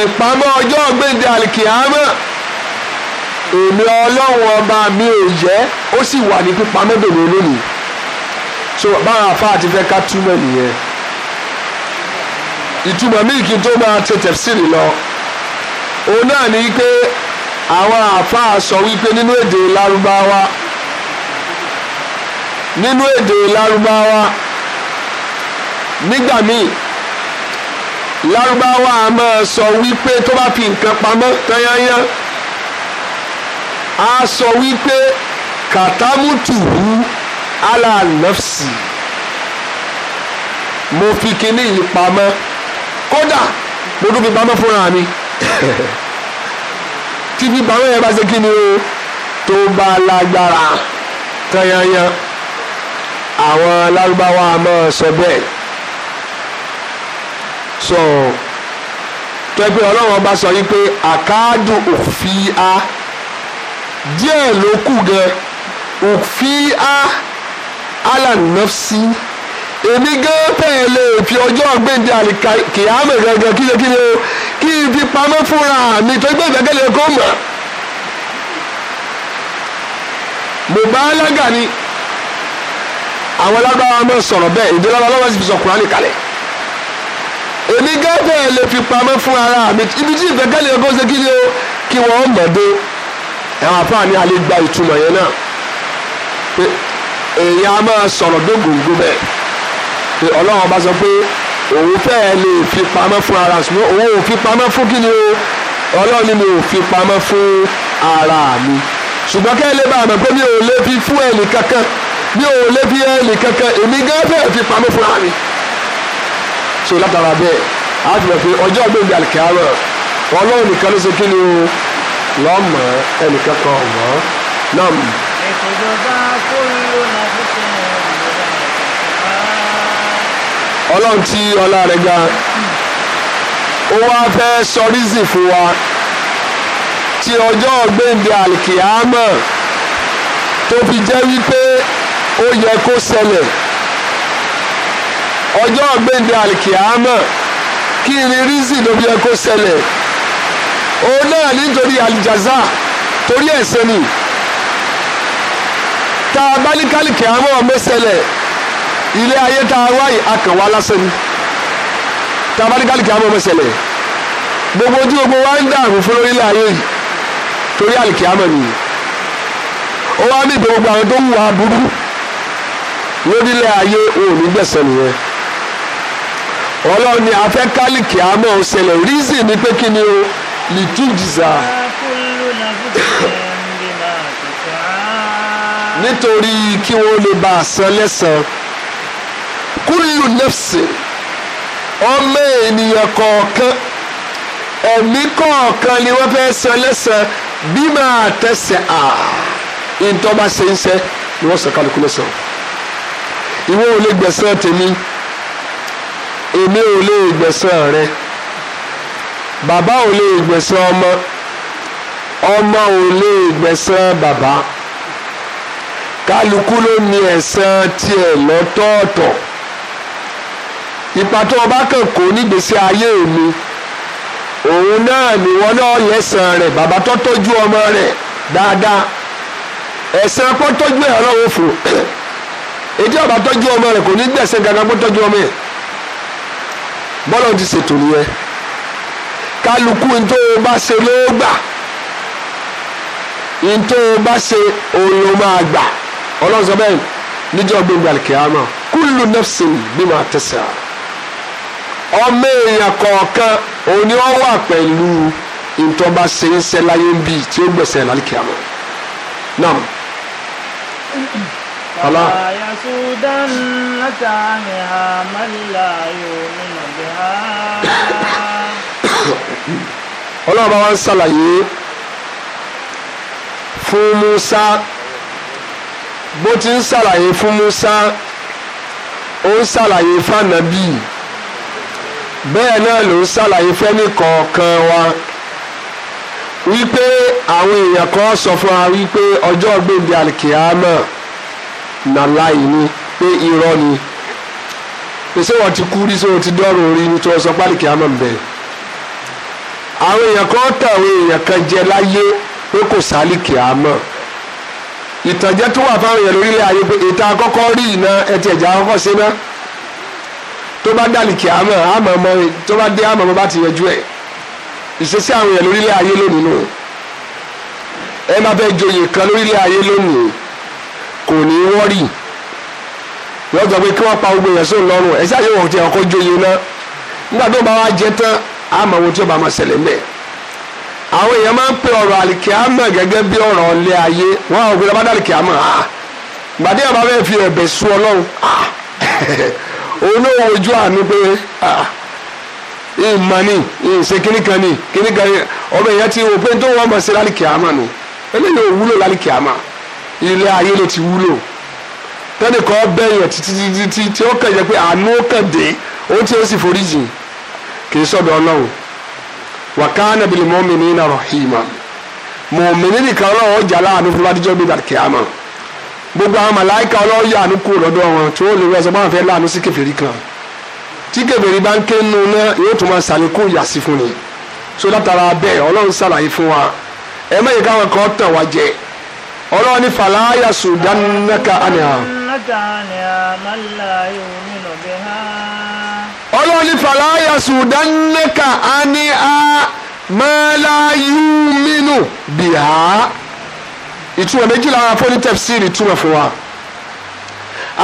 ìpamọ́ ọjọ́ gbèǹde àlìkèyàmẹ èmi ọlọ́run ọba mi ò yẹ ó sì wà ní pípamọ́ dòdò lónìí so báwọn afáà ti fẹ́ ká túmọ̀ nìyẹn ìtumọ̀ míì kí n tó máa ṣe tẹ̀síìrì lọ òun náà ni pé àwọn àáfàá sọ wípé nínú èdè lárúbáwá nínú èdè lárúbáwá nígbà míì lárúbáwá a máa sọ wípé tó bá fi nǹkan pamọ́ tányányán a sọ wípé kàtámùtùhù alànàfsì mo fi kinní yìí pamọ́ kódà mo tún fi pamọ́ fúnra mi tí fi pamọ́ yẹn bá ṣe kí ni o tó bá lágbára tanyanya àwọn lárúbáwá máa sọ bẹ́ẹ̀ sọ tẹ́pẹ́ ọlọ́run ọba sọ yìí pé àkáàdù òfin a díẹ̀ ló kù gẹ òfin a alànàfsí èmi gan fẹ́ẹ̀ lè fi ọjọ́ gbèdé àlìkà kìámẹ̀ gangan kí ni o kí n fi pamọ́ fúnra mi tó gbé ìgbẹ́kẹ̀lé kó mọ̀. mo bá alága ni àwọn alágbára máa sọ̀rọ̀ bẹ́ẹ̀ ìdílé aláwọ̀ sì fi sọ Kùránì kalẹ̀ èmi gan fẹ́ẹ̀ lè fi pamọ́ fún ara mi ibi tí ìgbẹ́kẹ̀lé kó ṣe kí ni o kí wọ́n mọ̀ dé ẹ̀rọ àfáà ni a lè gba ìtumọ̀ yẹn náà èèyàn a máa sọ̀rọ̀ dógóńgó bẹ́ẹ̀ pé ọlọ́run ọba sọ pé òun fẹ́ẹ́ lè fi pamọ́ fún ara ṣùgbọ́n òun ò fi pamọ́ fún kí ni o ọlọ́run ni mi ò fi pamọ́ fún ara mi ṣùgbọ́n kẹ́ ẹ lè bá àmọ́ pé mi ò lè fi fún ẹnì kankan mi ò lè fi ẹnì kankan èmi gan fẹ́ẹ́ fi pamọ́ fún ara mi. so látara bẹ́ẹ̀ a ti mọ̀ pé ọjọ́ gbòǹgbò àlùkìyàwó ọlọ́run nìkan ló ṣe kí ni o lọ́mọ ẹnì kankan ọ̀mọ́ náà. ìṣèjọba ọlọ́run tí ọlá rẹ̀ ga ó wá fẹ́ sọ rízì fún wa tí ọjọ́ gbẹ̀ǹdẹ̀ àlìkìyámà tó fi jẹ́ wípé ó yẹ kó ṣẹlẹ̀ ọjọ́ gbẹ̀ǹdẹ̀ àlìkìyámà kí ni rízì ló fi yẹ kó ṣẹlẹ̀ òun náà nítorí àlìjàzá torí ẹ̀ṣẹ̀ ni tá a bá ní kálíkìyámà ọmọ ṣẹlẹ̀ ilé ayé tá a wáyé akàn wá lásán ni tá a bá ní kálíkì àmọ́ mọ́sẹ̀lẹ̀ gbogbo ojú gbogbo wa ń dààmú fún lórílẹ̀ ayé yìí torí àlìkì àmọ́ ni ó wá ní ìgbẹ́ gbogbo àwọn tó ń wà burú lórílẹ̀ ayé òun ní gbẹ̀sẹ̀ nìyẹn ọlọ́run ni afẹ́ kálíkì àmọ́ ṣẹlẹ̀ rízì ni pé kí ni o lè tún jìzà nítorí kí wọ́n lè bá a lẹ́sàn-án kúlù nẹ́fṣì ọmọ ènìyàn kọ̀ọ̀kan ẹ̀mí kọ̀ọ̀kan ni wọ́n fẹ́ san lẹ́sàn bí máa tẹ̀sẹ̀ à ìtọ́ba ṣe ń ṣe ni wọ́n sọ kálukú lẹ́sàn ìwọ ò lè gbẹ̀san tèmi èmi ò lè gbẹ̀san rẹ bàbá ò lè gbẹ̀san ọmọ ọmọ ò lè gbẹ̀san bàbá kálukú ló ní ẹ̀san tiẹ̀ lọ́tọ̀ọ̀tọ̀ ipa tó o bá kàn kó nígbèsè ayé mi òun náà nìwọ náà lẹ́sàn rẹ̀ bàbá tó tọ́jú ọmọ rẹ̀ dáadáa ẹ̀sán kó tọ́jú ẹ̀ ọlọ́wọ́ fún ètí ọba tọ́jú ọmọ rẹ̀ kò ní gbẹ̀sẹ̀ gangan kó tọ́jú ọmọ yẹn bọ́lá ti ṣètò nìyẹn kálukú ntó o bá ṣe ló gbà o bá ṣe òun ló ọlọ́sọ bẹ́ẹ̀ níjọ́ gbẹ̀ngbà kìámà kúlù nafsin bima tẹ̀sán ọmọ èèyàn kọ̀ọ̀kan òun ni wọ́n wà pẹ̀lú ìtọ́ba ṣeéṣẹ́ láyé ń bì tí ó gbẹ̀sẹ̀ lálùkì àmọ́ nam. Ala. Ọlọ́run bá wá ń ṣàlàyé fún Musa bó ti ń ṣàlàyé fún Musa ó ń ṣàlàyé fún ànábì. bẹ́ẹ̀ náà ló ń ṣàlàyé fẹ́ni kọ̀ọ̀kan wa wípé àwọn èèyàn kan sọ fún wa wípé ọjọ́ gbèǹde na nàláì ni pé irọ́ ni pèsè wọn ti kú rí sí wọn ti dọ́rùn orí ni tí wọ́n sọ pálíkì àmọ́ ń bẹ̀. àwọn èèyàn kan tẹ̀ àwọn èèyàn kan jẹ láyé pé kò sálíkì àmọ́ ìtànjẹ tó wà fáwọn èèyàn lórílẹ̀ ayé pé ìta àkọ́kọ́ rí iná ẹtì ẹ̀jẹ̀ àkọ́kọ́ sí náà tó bá dàlìkì ama àmọ́ ọmọ rẹ tó bá dé àmọ́ ọmọ bá ti yẹjú ẹ̀ ìṣesí àwọn èèyàn lórílẹ̀ ayé lónìí nù ẹ kan ayé lónìí kò ní í pé kí pa àyè ti ọkọ̀ joyè náà nígbà tó bá wá jẹ tán àmọ́ ohun tí ó bá máa ṣẹlẹ̀ mẹ́ àwọn èèyàn máa ń pe ọ̀rọ̀ àlìkè àmọ́ gẹ́gẹ́ bí ọ̀rọ̀ ilé ayé wọ́n àwọn òkúta bá dàlìkè olówó ojú àánú pé ìmọ̀ ni ìṣe kíníkan ni ọbẹ̀ yẹn ti òpin tó wọ́n mọ̀ sí lálìkì àmà nù eléyìí ò wúlò lálìkì àmà ilé ayé ti wúlò tẹ́lẹ̀ kọ́ bẹ́yẹ̀ títí tí ó kàn jẹ́ pé àánú ó kàn ó sì forí jìn kì sọ̀dọ̀ ọlọ́run wàkánà na mọ́mìnì náà rọ̀ hìmà mọ̀mìnì nìkan ọlọ́run ọjà láàánú fún bá gbé àmà. gbogbo àwọn màláìka ọlọ́run yàánú kúrò lọ́dọ̀ wọn tí ó lè rí ọsọ báwọn fẹ́ láàánú sí kèfèrí kan tí kèfèrí bá ń ké nu náà yóò tún máa ṣàlékún ìyàsí fún ni so látara bẹ́ẹ̀ ọlọ́run ṣàlàyé fún wa ẹ mẹ́yìn káwọn kan tàn wá jẹ ọlọ́run ní fàlàyà sùdánnáka àníhà. ọlọ́run ní fàlàyà sùdánnáka àníhà mẹ́láyú mínú bìhá ìtumọ̀ méjì làwọn afọ́ni tafsiri túmọ̀ fún wa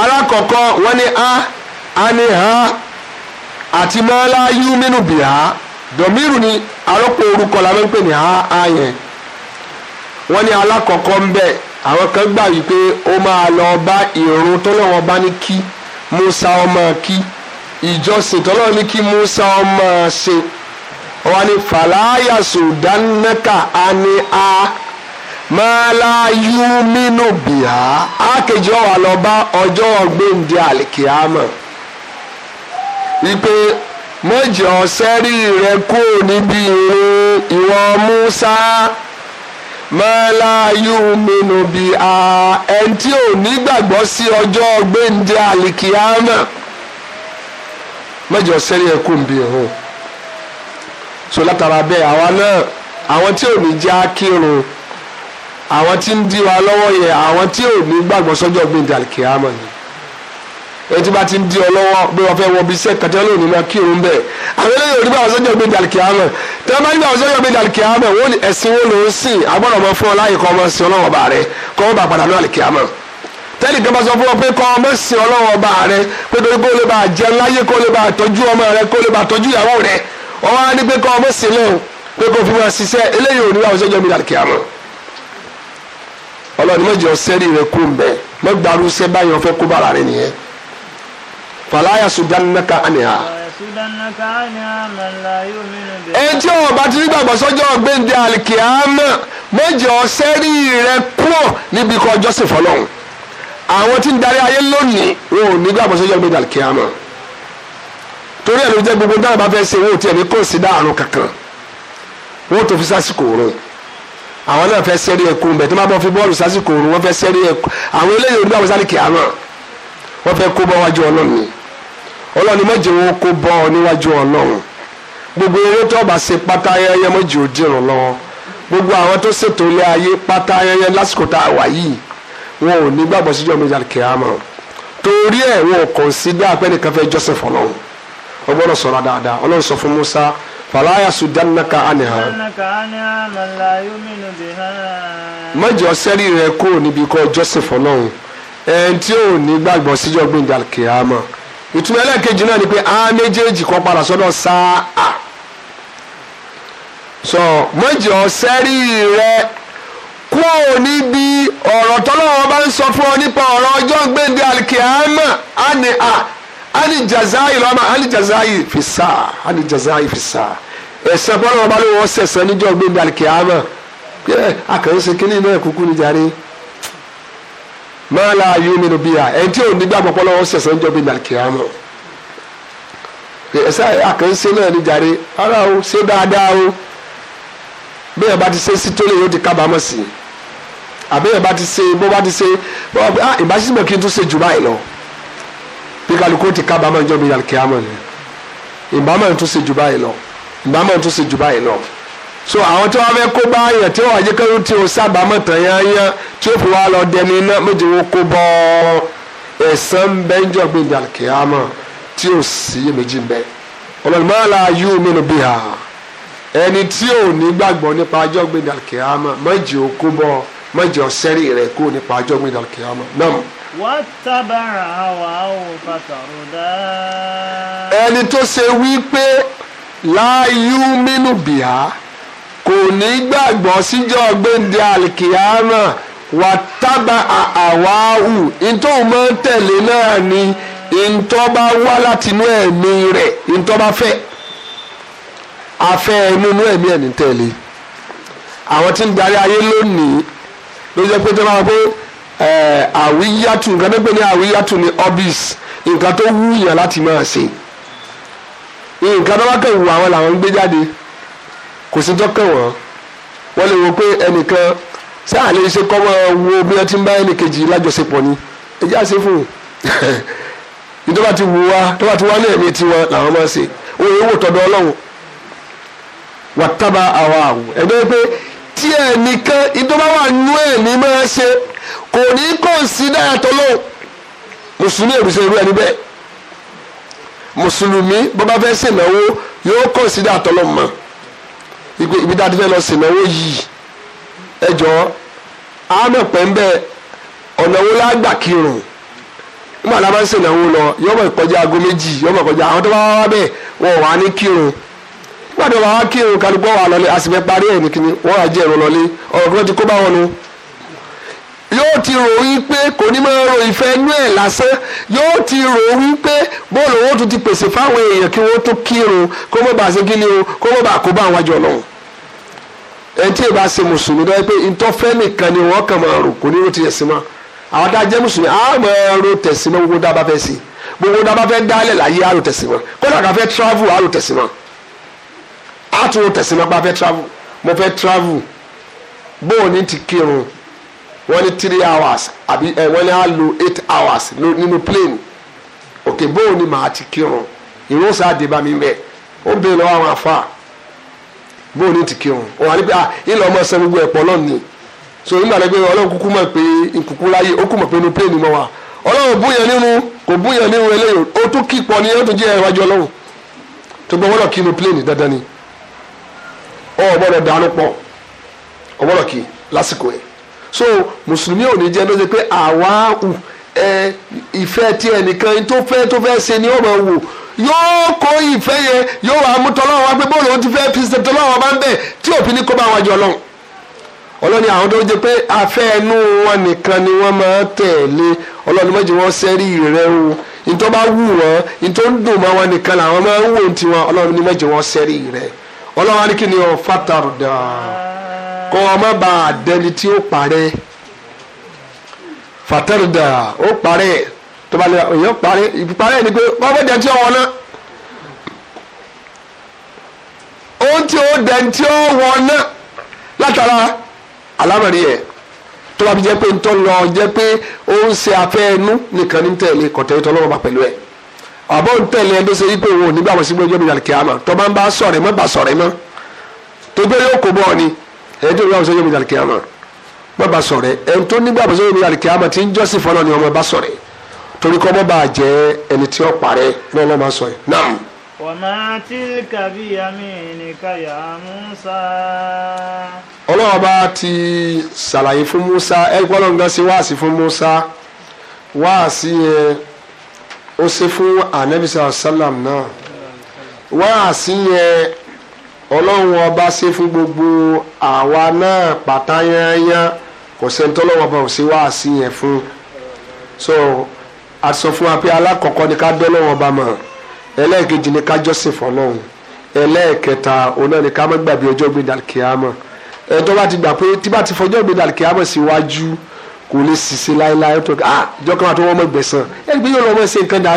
alákọ̀ọ́kọ́ wọ́n ní a ani ha àti mọ́lá yúmínú bì ha dọ̀míìrù ni arọ́pò orúkọ làwọn ń pè ní ha a yẹn wọ́n ní alákọ̀ọ́kọ́ ń bẹ̀ àwọn kan gbà wípé ó máa lọ bá ìrun tọ́lọ́wọ́n bá ní kí Musa ọmọ kí ìjọsìn tọ́lọ́wọ́n ní kí Musa ọmọ ṣe wọ́n ní fàlàyà sùdánnákà ani a. Ah mọ́lá yú mínú bìá àkejì ọ̀wà lọ bá ọjọ́ ọ̀gbẹ́ǹde àlìkìámọ̀ wípé mọ́jọ sẹ́rí rẹ kú níbi ìrìn ìwọ Musa mọ́lá yú mínú bìá ẹni tí ò nígbàgbọ́ sí ọjọ́ ọ̀gbẹ́ǹde àlìkìámọ̀ mọ́jọ sẹ́rí rẹ kú níbi ìrìn so látara bẹ́ẹ̀ àwa náà àwọn tí ò ní já kírun àwọn tí ń di wa lọ́wọ́ yẹn àwọn tí ò ní gbàgbọ́ sọ́jọ́ gbìn dàlùkì àmọ́ ni etí bá ti ń di ọ lọ́wọ́ bí wọ́n fẹ́ wọ bí iṣẹ́ kẹtẹ́ ló ní lọ kí òun bẹ̀ àwọn eléyìí ò ní gbàgbọ́ sọ́jọ́ gbìn dàlùkì àmọ́ tí wọ́n bá ní gbàgbọ́ sọ́jọ́ gbìn dàlùkì àmọ́ wọ́n ní ẹ̀sìn wo ló ń sìn agbọ́dọ̀ mọ fún ọ láyè kọ́ ọmọ sí ọlọ́wọ́ bá rẹ kọ́ ọ bá kan bá sọ fún ọ pé kọ́ ọmọ sí ọlọ́wọ́ bá rẹ pé torí kó lè bá jẹun láyé kó lè bá tọ́jú ọmọ rẹ kó lè bá tọ́jú ìyàwó rẹ ọ wá ní pé kọ́ ọmọ sílẹ̀ o pé kó fi wọn ṣiṣẹ́ eléyìí ò ní wà ọ̀ṣọ́jọ́ mi dàlùkì àmọ́ ọlọ́ọ̀ni mọ̀jẹ̀ ọ̀sẹ́rì rẹ kú mbẹ́ mọ̀gbàrú sẹ́ báyìí wọ́n fẹ́ kó bára rẹ nìyẹn fàlàyà sùdánnáka àníhà. ẹjẹ́ ọba tí nígbàgbọ́ sọ́jọ́ gbẹ̀ndẹ̀ àlìkìámà mọ̀jẹ̀ ọ̀sẹ́rì rẹ kúrò níbi kọ́ jọ́sìn fọlọ́hún àwọn tí ń darí ayé lónìí wọn ò nígbàgbọ́ sọ́jọ́ gbẹ̀ndẹ̀ àlìkìámà torí ẹ̀ ló jẹ́ gbogbo dáhùn bá fẹ́ ṣe wọn ò tiẹ̀ ní kò sí dáhùn kankan wọn tó fi sásìkò rún àwọn náà fẹ́ sẹ́rí ẹ̀kú mbẹ̀ tó máa bọ́ fi bọ́ọ̀lù sásìkò òru wọ́n fẹ́ sẹ́rí ẹ̀kú àwọn eléyìí onígbà wọn sáré kìámà wọ́n fẹ́ kó bọ́ wájú ọlọ́run ọlọ́run mọ̀jẹ̀ wọn kó bọ́ ọ níwájú ọlọ́run gbogbo owó tó bá ṣe pátá ayẹyẹ mọ̀jẹ̀ ò dìrùn lọ́wọ́ gbogbo àwọn tó ṣètò ilé ayé pátá ayẹyẹ lásìkò tá a wà yìí wọn ò ní gbàgbọ́ síjọ́ méjà kìámà torí ẹ̀ wọn ò kọ̀ǹsídà pẹ́ẹ́nìkan fẹ́ jọ́sìn fọlọ́run ọgbọ́dọ̀ sọ̀rọ̀ dáadáa ọlọ́run sọ fún Musa fala yasudannaka anha má jẹ́ sẹ́rí rẹ kúrò níbi kọ́ joseph ọlọ́run ẹni tí ò ní gbàgbọ́ síjọ́ gbẹ̀ngàn kìámà ìtumọ̀ ẹlẹ́ẹ̀kejì náà ni pé á méjèèjì kọ́ padà sọ́dọ̀ sáà sọ má jẹ́ sẹ́rí rẹ kúrò níbi ọ̀rọ̀ tọ́lọ́wọ́ bá ń sọ fún ọ nípa ọ̀rọ̀ ọjọ́ gbẹ̀ngàn alijazayi lọ́mọ alijazayi fi sáà alijazayi fi sáà ẹ̀sẹ̀ bọ́lá wọn bá ló wọ́n sẹ̀sẹ̀ níjọ́ gbẹ̀gbẹ̀ alikiyama yẹ akànṣe kínní náà kúkú ní jàre máa la yóò mẹ́nu bíyà ẹni tí ò ní gbàgbọ́ bọ́lá wọn sẹ̀sẹ̀ níjọ́ gbẹ̀gbẹ̀ alikiyama ẹ̀sẹ̀ akànṣe náà ní jàre ara o ṣe dáadáa o bẹ́ẹ̀ yẹn bá ti ṣe sí tó lè yóò ti kábàámọ̀ sí i àbẹ́yẹ̀ bá ti ṣe bó bá ti ṣe ìbáṣísímọ̀ kí n tún ṣe jù báyìí lọ bí kálukú ti kábàámọ̀ ìjọba ìyàlùkìyàmọ̀ ni ìbámọ̀ tún ṣe jù báyìí lọ ìbámọ̀ tún ṣe jù báyìí lọ so àwọn tí wọn fẹ́ kó bá yàn tí wọn àjẹkẹrù tí o sábàámọ̀ tàn yán yán tí o fi wá lọ dẹni iná méje wo kó bọ ẹ̀san bẹńjọ gbé ìdàkìyàmọ tí o sì yé méjì bẹ ọlọmọlá yóò mẹnu bí ha ẹni tí o ní gbàgbọ́ nípa ajọ gbé ìdàkìyàmọ méje o kó bọ méje ọsẹrí rẹ kó nípa ajọ gbé ìdàkìyàmọ náà wàtàbàrà àwà òfàtàrúdà. ẹni tó ṣe wípé láàyú mínú bìá kò ní gbàgbọ́ síjọ́ gbéǹde àlìkìyámà wàtàbà àwà òwù ìtòun máa ń tẹ̀lé náà ni ntọ́ bá wá láti inú ẹ̀mí rẹ̀ ntọ́ bá fẹ́ afẹ́ inú inú ẹ̀mí ẹ̀mí tẹ̀lé àwọn tí ń darí ayé lónìí ló jẹ́ pé tó máa pé àwíyàtú nǹkan tó gbé ní àwíyàtú ni hobbies nǹkan tó wú yàn láti máa ṣe nǹkan tó bá kàn wù àwọn làwọn ń gbé jáde kò sí tó kàn wọ́n wọ́n lè wo pé ẹnìkan ṣé àlè ṣe kọ́ mọ́ wo bí wọ́n ti ń bá ẹnìkejì lájọṣepọ̀ ni ẹjẹ́ àṣẹ fún un tó bá ti wù wá tó bá ti wá ní ẹ̀mí tiwọn làwọn máa ṣe òun yóò wò tọ́dọ̀ ọlọ́run wà tábà àwa àwò ẹgbẹ́ pé tí ẹnìkan ìdọ́bà wà nú ẹ̀mí máa ṣe kò ní kó sí náà tọ́lọ́ mùsùlùmí òrìṣẹ́ irú ẹni bẹ́ẹ̀ mùsùlùmí bó fẹ́ yóò kó sí náà tọ́lọ́ mọ́ ibi dáadé fẹ́ lọ ṣènáwó yìí ẹ pẹ́ńbẹ́ ọ̀nà wo la gbà kírun a bá ń lọ yóò mọ̀ kọjá méjì yóò mọ̀ àwọn tó bá wá bẹ́ẹ̀ wà lọlé parí yóò ti rò wípé kò ní máa ro ìfẹ́ inú ẹ̀ lásán yóò ti rò wípé bóòlù owó tún ti pèsè fáwọn èèyàn kí wọ́n tó kírun kó mọ̀ bá ṣe kí ni o kó mọ̀ bá kó bá àwọn àjọ ọlọ́run ẹni tí ìbá ṣe mùsùlùmí dáwọ́ pé ntọ́fẹ́ nìkan ni wọ́n kàn máa rò kò ní ro ti ẹ̀sìn mọ́ àwọn tá a jẹ́ mùsùlùmí á máa ro tẹ̀sìn mọ́ gbogbo dábàá fẹ́ sí gbogbo dábàá fẹ́ dálẹ̀ mo fẹ́ travel bóun ní ti kírun wọ́n ní three hours àbí ẹ eh, wọ́n ní á lo eight hours nínú plane òkè bóun ni màá ti kírun ìrún sáà dé bá mi bẹ ó bèèrè lọ́wọ́ àwọn àfa bóun ní ti kírun òun àní pé à ah, ilé ọmọ ẹsẹ gbogbo ẹ̀pọ̀ lọ́nìí so nígbà tó gbé ọlọ́run kúkú mọ̀ pé nkùkú láyé ó kú mọ̀ pé inú plane mọ̀ wá ọlọ́run bú yẹn nínú kò bú yẹn nínú eléyìí ó tún kí pọ̀ ní ẹ̀rọ tó jẹ́ ẹ̀rọ ajọ́ ọlọ́run tó gbọ́ wọ́n lọ kí inú plane dandan ni ó gbọ́dọ̀ dànù pọ̀ ó gbọ́dọ̀ kí lásìkò yẹn so mùsùlùmí ò ní jẹ́ ló ṣe pé àwa hù ẹ ìfẹ́ tí ẹnìkan tó fẹ́ tó fẹ́ ṣe ni ó máa wò yóò kó ìfẹ́ yẹn yóò wà mú tọ́lọ́wọ́ wá pé bóòlù ó ti fẹ́ fi ṣe tọ́lọ́wọ́ bá ń bẹ̀ tí òfin ní kó bá wájú ọlọ́run ọlọ́ni àwọn tó jẹ pé afẹ́ ẹnu wọn nìkan ni wọ́n máa tẹ̀lé ọlọ́ni méjì wọ́n sẹ́rí rẹ o nítorí bá wù wọ́n nítorí ń dùn mọ́ wọn nìkan làwọn máa ń wò tiwọn ọlọ́ni méjì wọ́n sẹ́rí rẹ ọlọ́wọ́n ní ni ọ fàtàrùdà kó o má ba àdẹni tí ó parẹ́ fàtẹ́rìdà ó parẹ́ tó bá lè parẹ́ ìparẹ́ ni pé wọ́n fẹ́ dẹni tí ó wọ́n náà ohun tí ó dẹni tí ó wọ́n náà látara alámọ̀rí yẹn tó bá fi jẹ́ pé ntọ́ lọ jẹ́ pé ó ń ṣe afẹ́ ẹnu nìkan ní tẹ̀lé kọ̀tẹ́ tó lọ́wọ́ bá pẹ̀lú ẹ̀ àbọ̀ ń tẹ̀lé ẹni tó ṣe wípé òun ò ní gbàgbọ́ sí gbọ́dọ̀ ìyàlẹ̀ kíámà tó bá ń bá sọ̀rẹ́ mọ́ bá sọ̀rẹ́ mọ́ tó gbé yóò kó bọ́ ọ ni ẹni tó nígbàgbọ́ sọ́jọ́ ìgbàlè kìámà má ba sọ̀rẹ́ ẹni tó nígbàgbọ́ sọ́jọ́ ìgbàlè kìámà tí ń jọ́sìn fọlọ́ ni ọmọ bá sọ̀rẹ́ torí kọ́ mọ́ bá jẹ́ ẹni tí ó parẹ́ lọ́wọ́ lọ́wọ́ máa sọ yìí náà. wàmà tilka bí yaminika ya Musa. ọlọ́wọ́ bá ti ṣàlàyé fún Musa ẹgbẹ́ ọlọ́ngàn sí wáàsí fún Musa wáàsí yẹn ó ṣe fún anabi sallam náà wáàsí yẹn ọlọ́run ọba ṣe fún gbogbo àwa náà pátá yányán kò sẹ́ni tó lọ́wọ́ ọba ò sí wá sí yẹn fún so a sọ fún wa pé alákọ̀ọ́kọ́ ni ká dọ́ lọ́wọ́ ọba mọ̀ ẹlẹ́ẹ̀kejì ni ká jọ́sìn fọlọ́run ẹlẹ́ẹ̀kẹta òun náà ni ká má gbàgbé ọjọ́ gbé dàkíámọ̀ ẹ tó bá ti gbà pé tí bá ti fọjọ́ gbé dàkíámọ̀ síwájú kò lè ṣìṣe láéláé tó ah ìjọ kan àti wọn mọ gbẹ̀sán ẹ gbé yóò lọ́wọ́ ṣe nǹkan dà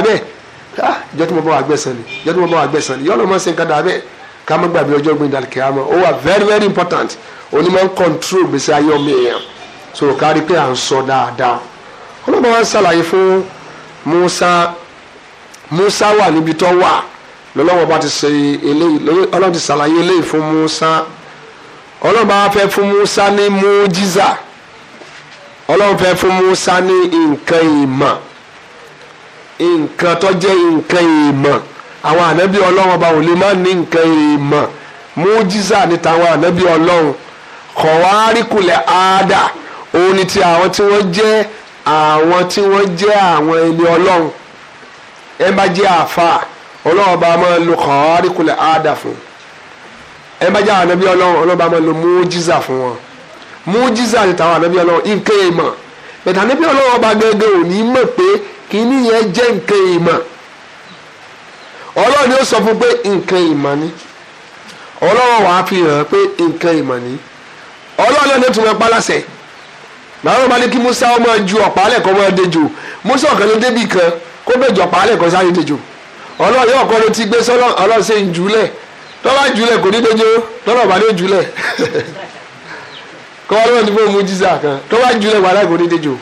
ah ìjọ tí mo bá wà gbẹ̀sán ni ìjọ tí mo bá wà gbẹ̀sán ni yóò lọ́wọ́ ṣe nǹkan dà ká má gbàgbé ọjọ́ gbé dàlùkẹ́ àmọ́ ó wà very very important onímọ̀ ń control gbèsè ayé ọmọ èèyàn so kárí pé à ń sọ dáadáa ọlọ́mọ wa ń ṣàlàyé fún Musa Musa wà níbi tó wà lọ́lọ́wọ́ bá ti ṣe eléyìí Ọlọ́run ti ṣàlàyé eléyìí fún Musa Ọlọ́run bá fẹ́ fún Musa ní mújíza Ọlọ́run fẹ́ fún Musa ní nǹkan ìmọ̀ nǹkan tó jẹ́ nǹkan ìmọ̀ àwọn ànábì ọlọ́run ọba ò lè má ní nǹkan èèmọ̀ mújísà ní tàwọn ànábì ọlọ́run kọ̀wárìkulẹ̀ àádà òun ni ti àwọn tí wọ́n jẹ́ àwọn tí wọ́n jẹ́ àwọn ẹni ọlọ́run ẹ bá jẹ́ àfa ọlọ́run ọba máa ń lo kọ̀wárìkulẹ̀ àádà fún ẹ bá jẹ́ àwọn ànábì ọlọ́run ọlọ́run ọba máa ń lo mújísà fún wọn mújísà ní tàwọn ànábì ọlọ́run nǹkan èèmọ̀ bẹ̀tà ànábì ọlọ́run ọba gẹ́gẹ́ òní mọ̀ pé kínní yẹn jẹ́ nǹkan èèmọ̀ ọlọ́run yóò sọ fún pé nǹkan ìmọ̀ ni ọlọ́run wàá fi hàn pé nǹkan ìmọ̀ ni ọlọ́run náà tún lọ pálásẹ̀ màá bá ní kí Musa ọmọ ju ọ̀pá lẹ́kọ̀ọ́ máa dejò Musa ọ̀kan ló débi kan kó bẹ̀jọ ọ̀pá lẹ́kọ̀ọ́ sáré dejò ọlọ́run yóò kọ́ ló ti gbé sọ́lọ́ ọlọ́run ṣe ń jùlẹ̀ tọ́lá jùlẹ̀ kò ní dejò tọ́lá ọ̀bá ló jùlẹ̀ kọ́ ọlọ́run ti fún mu jísà kan tọ́lá jùlẹ̀ wàhálà kò ní dejò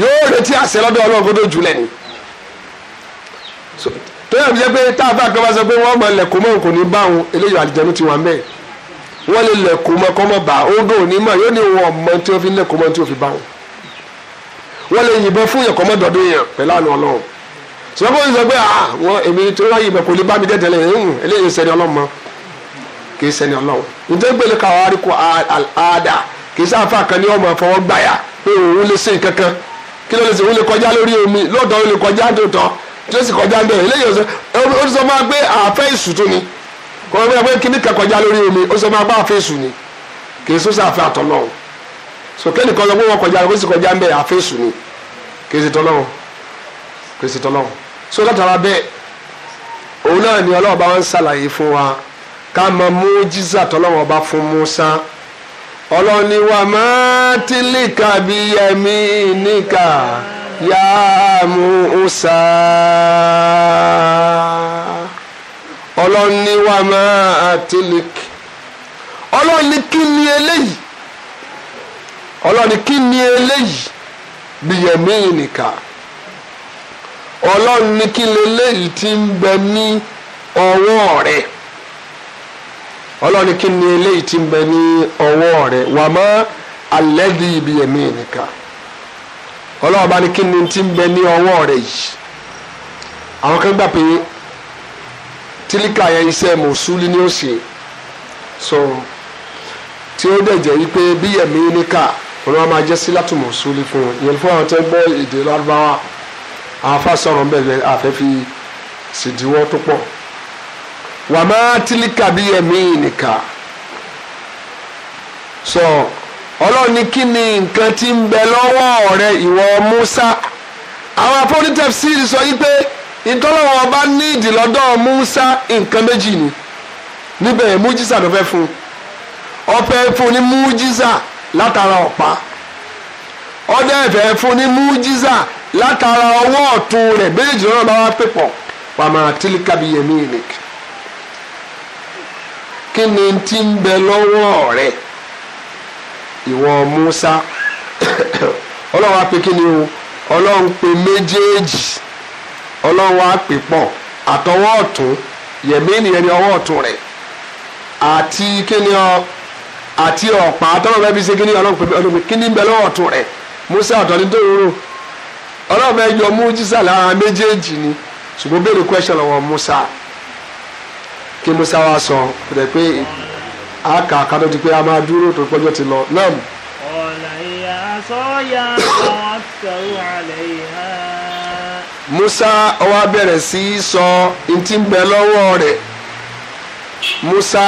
yóò retí àṣẹ lọ́dọ̀ ọlọ́run kó tó jùlẹ̀ ni tó yẹ kó jẹ́ pé tá a bá gbọ́ bá sọ pé wọ́n mọ lẹ̀kọ́ mọ́ kò ní bá òun eléyìí àlìjẹnu ti wà mẹ́ẹ̀ wọ́n lè lẹ̀kọ́ mọ́ kọ́ mọ́ bá òun gò ní mọ̀ yóò ní wọn mọ tí wọ́n fi lẹ̀kọ́ mọ́ tí wọ́n fi bá òun wọ́n lè yìnbọn fún yẹ̀kọ́ mọ́ dọ̀dọ̀ yẹn pẹ̀lú àná ọlọ́run sọ́kọ́ yìí sọ pé ah wọ́n èmi tó wáyé ìbẹ̀ kò ní bá mi dẹ́ tẹ́lẹ̀ ẹ̀hún tí ó sì kọjá ń bẹ̀ eléyìí ó sọ máa gbé àfẹ́ ìṣù tó ni kò wọ́n gbé kíní kan kọjá lórí omi ó sọ máa bá àfẹ́ ìṣù ni kì í sọ sáfẹ́ àtọ́lọ́hún so kẹ́nìkan sọ pé wọ́n kọjá ó sì kọjá ń bẹ̀ àfẹ́ ìṣù ni kì í sì tọ́lọ́hún kì í sì tọ́lọ́hún so látara bẹ́ẹ̀ òun náà ni ọlọ́wọ́ bá wọn ń ṣàlàyé fún wa ká mọ mújísà tọ́lọ́wọ́ bá fún Musa ọlọ́ni wa máa tìlíkà bíi ẹ̀mí níkà. Ya موسى ụsa, ní wà máa tẹ́lẹ̀kì ọlọ́run ní kí ni eléyìí ọlọ́run ní kí ni eléyìí bìyẹ̀mí nìka ọlọ́run ni kí leléyìí ti ń bẹ ní ọwọ rẹ̀ ọlọ́run kí ni ti ń bẹ ní máa ọlọ́wọ́ bá ní kí ni ti ń bẹ ní ọwọ́ rẹ̀ yìí àwọn kan gbà pé tílíkà yẹn iṣẹ́ mọ̀súlì ni ó ṣe so tí ó dẹ̀ jẹ́ wípé bí ẹ̀mí níkà olùwà máa jẹ́ sílátù mọ̀súlì fún un ìyẹn fún àwọn tó gbọ́ èdè lárúbáwá àwọn sọ̀rọ̀ ń bẹ̀rẹ̀ àfẹ́ fi ṣèdíwọ́ tó pọ̀ wàmá tílíkà bí ẹ̀mí níkà so ọlọ́run ní kí ni nǹkan tí ń bẹ lọ́wọ́ rẹ ìwọ Musa àwọn afọ́nitẹ́fsìrì sọ yìí pé ìtọ́lọ́wọ́ ọba ní ìdìlọ́dọ̀ Musa nǹkan méjì ni níbẹ̀ mújísà ló fẹ́ fún ọ fẹ́ fún ní mújísà látara ọ̀pá ọdẹ ẹ̀fẹ́ fún ní mújísà látara ọwọ́ ọ̀tún rẹ̀ méjì lọ́nà bá wá pè pọ̀ wàmà tìlíkàbí yẹmí ìnìkì kí ni ti ń bẹ lọ́wọ́ rẹ̀ ìwọ Musa ọlọ́run á pe kí ni o ọlọ́run pe méjèèjì ọlọ́run á pè pọ̀ àtọwọ́ ọ̀tún yẹ̀mí nìyẹn ni ọwọ́ ọ̀tún rẹ̀ àti kí ni ọ àti ọ̀pá tọ́lọ́ bẹ́ẹ̀ bí ṣe kí ọlọ́run pe ọlọ́run kí bẹ́ẹ̀ lọ́wọ́ ọ̀tún rẹ̀ Musa ọ̀tọ̀ ní tòróró ọlọ́run bẹ́ẹ̀ yọ mújísà lára méjèèjì ni ṣùgbọ́n béèrè question lọ́wọ́ Musa kí Musa wa sọ pé. a kà á kátó di pé a máa dúró tó pọ́jọ́ ti lọ náà. ọ̀la ìyá sọ́yà kan sọ̀rọ̀ àlẹ́ ìhà. Musa ó wá bẹ̀rẹ̀ sí í sọ ntí ń bẹ lọ́wọ́ rẹ̀ Musa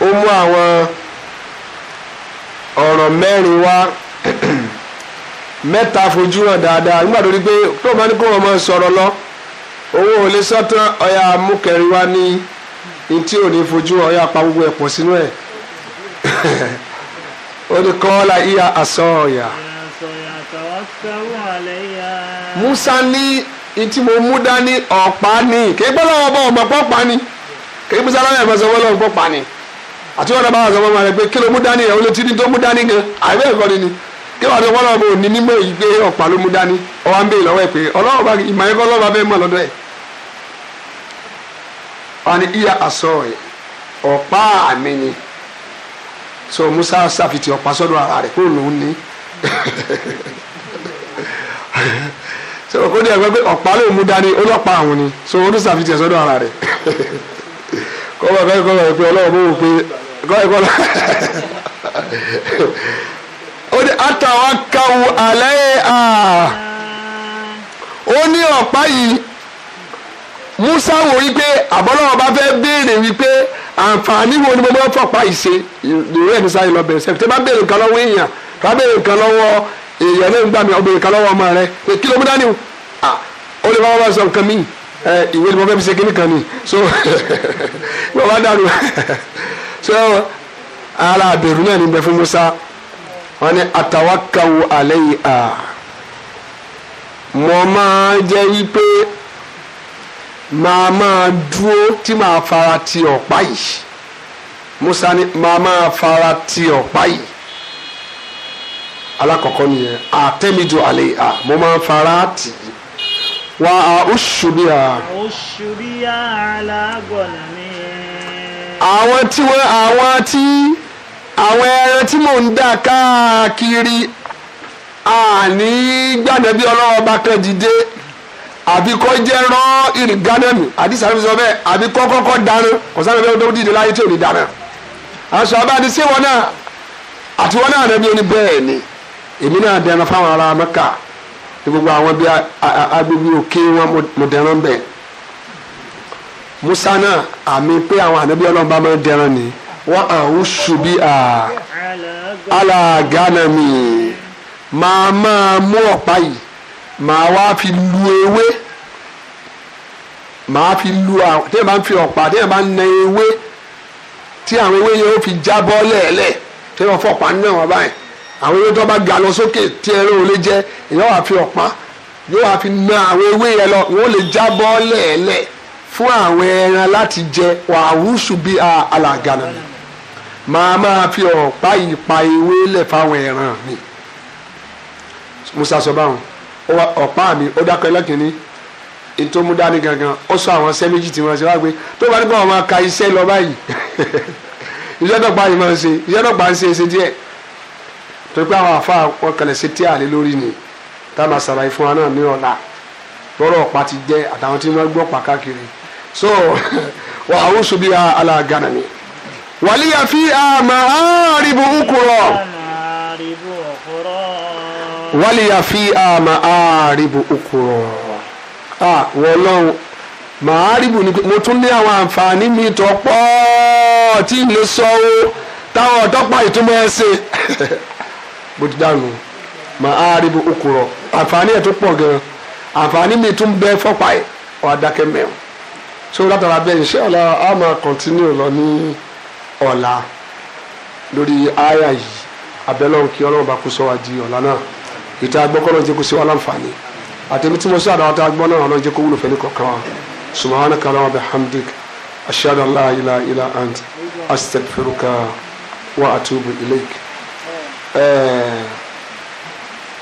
ó mú àwọn ọ̀rọ̀ mẹ́rin wá mẹ́ta fojú hàn dáadáa nígbà tó rí pé tó bá ní kó wọn máa sọ̀rọ̀ lọ owó ò lè sọ́tàn ọ̀ya amúkẹrin wá ní. ntí ò ní fojú ọyọ apá gbogbo ẹ̀pọ̀ sínú ẹ̀ ó ní kọ́ọ́lá ìyá àsọ ọ̀yà. Musa ní ntí mo mú dání ọ̀pá ni kéé gbọ́dọ̀ ọba ọ̀gbọ̀n pọ̀pá ni kéé gbèsè aláwọ̀ ẹ̀fọ́ sọ́wọ́ lọ́wọ́ pọ̀pá ni àti wọn dábàá sọ́wọ́ máa rẹ pé kí ló mú dání ẹ̀ ó lè ti ní tó mú dání gan àìbẹ́ ẹ̀kọ́ ni ni kí wọn àti wọn lọ́wọ́ bò ní mímọ́ yìí pé ọ̀pá ló mú dání ọwọ́ ń bèè lọ́wọ́ ẹ̀ pé ọlọ́wọ́ wọn iya aṣọ rẹ ọ̀pá mi ni so musa ṣàfitì ọ̀pá sọ́dọ̀ ara rẹ̀ kó lòún ní so kó ní ẹgbẹ́ pé ọ̀pá ló mú dání ọlọ́pàá àwọn ni so ó tún ṣàfitì sọ́dọ̀ ara rẹ̀ kọ́ bá fẹ́ kọ́ bá pé ọlọ́run bó wò pé kọ́ ẹ̀kọ́ lọ. ó ní àtàwọn kàwọ́ àlẹ́ à ó ní ọ̀pá yìí. Musa wò wípé àbọ̀lọ́wọ́ bá fẹ́ béèrè wípé àǹfààní wo ni mo máa ń fọ̀pá ìṣe ìrú ẹ̀mí sáyé lọ bẹ̀rẹ̀ sẹ́fìtì bá béèrè nǹkan lọ́wọ́ èèyàn ká béèrè nǹkan lọ́wọ́ èèyàn ló ń gbà mí ọbẹ̀ nǹkan lọ́wọ́ ọmọ rẹ pé kí ló mú dání o lè bá wọn sọ nǹkan míì ìwé ni mo fẹ́ fi ṣe kíní kan ni so ìwọ bá dàrú so ara àbẹ̀rù náà ní bẹ fún Musa wọn ni àtàwákàwọ àlẹ́ yìí mo máa jẹ́ wípé màá máa dúró tí màá fara ti ọ̀pá yìí Musa ni màá máa fara ti ọ̀pá yìí alákọ̀ọ́kọ́ nìyẹn àtẹ́mídò àlẹ́ à mo máa fara tì í wà á oṣù bí a. oṣù bí a alágọ̀nà mi. àwọn tí wọ́n àwọn tí àwọn ẹran tí mò ń dà káàkiri àní gbàdébí ọlọ́wọ́ bá kẹ́ dìde àbí kọ́ jẹ́ rán irin gánẹ́mì àdìsá ló fi sọ bẹ́ẹ̀ àbí kọ́ kọ́kọ́ dáná kò sáré bẹ́ẹ̀ tó dìde láyé tí ò ní dáná. aṣọ abáni sí wọn náà àti wọn náà rẹbi oní bẹ́ẹ̀ ni èmi náà dẹran fáwọn ará mẹ́ka ní gbogbo àwọn bíi agbègbè òkè wọn mo dẹran bẹ́ẹ̀. musa náà àmì pé àwọn ànábì ọlọ́mọba máa ń dẹran ni wọ́n àwọn ṣubí à alàgánàmì máa máa mú ọ̀pá yìí màá wá fi lu ewé màá fi lu àwọn téèyàn bá ń fi ọ̀pá téèyàn bá ń na ewé tí àwọn ewé yẹn ó fi jábọ́ lẹ̀ẹ́lẹ̀ téèyàn fọ̀pá náà wọ́n báyìí àwọn ewé tó bá ga lọ sókè tí ẹran ò lè jẹ èèyàn wà fi ọ̀pá yóò wá fi na àwọn ewé yẹn lọ wọ́n lè jábọ́ lẹ̀ẹ́lẹ̀ fún àwọn ẹran láti jẹ wàhùsù bíi alàgànà màá máa fi ọ̀pá yìí ewé lẹ̀ fáwọn ẹran mi musa sọ báwọn ọ̀pá mi ó dákọ̀ ẹlẹ́kìnní ètò mú dání gangan ó sọ àwọn iṣẹ́ méjì tí wọ́n ṣe wá pé tó bá nígbà wọn máa ka iṣẹ́ lọ báyìí iṣẹ́ dọ̀gba yìí máa ń ṣe iṣẹ́ dọ̀gba ń ṣe ṣe díẹ̀ tó pé àwọn àfa wọn kẹlẹ̀ ṣe tí àlè lórí ni tá a máa ṣàlàyé fún wa náà ní ọ̀la lọ́rọ̀ ọ̀pá ti jẹ́ àtàwọn tí wọ́n gbọ́ pàkà kiri so wà á wùsù bí aláàgánà mi wàlíyà fi àmà àrìbù ukùrọ̀. àmà àrìbù ukùrọ̀ wálé yà fi àmà àárìbù òkúrọ̀ à wọ́n lọ́wọ́ màárìbù ni mo tún ní àwọn àǹfààní mi tó pọ̀ tí ilé sọ ó táwọn ọ̀dọ́gba ìtumọ̀ ẹ ṣe bó ti dànù màárìbù òkúrọ̀ àǹfààní ẹ̀ tó pọ̀ gan àǹfààní mi tún bẹ fọ́pa ẹ̀ ọ̀dàkẹ́ mẹ́rin so látara bẹ́ẹ̀ iṣẹ́ ọ̀la a máa kọ̀ntínú lọ ní ọ̀la lórí aya yìí abẹ́lọ́run kí ọlọ́run bá kú sọ di ọ̀la náà ìta agbọ́kọ́lọ́ jẹ́ kó ṣe wá láǹfààní àtẹ̀mí tí mo sọ àdáwọ̀ tá a gbọ́ náà ọlọ́run jẹ́ kó wúlò fẹ́ni kọ̀ọ̀kan wa subhanaka wa bihamdik ashhadu an la ilaha illa ant astaghfiruka wa atubu ilaik.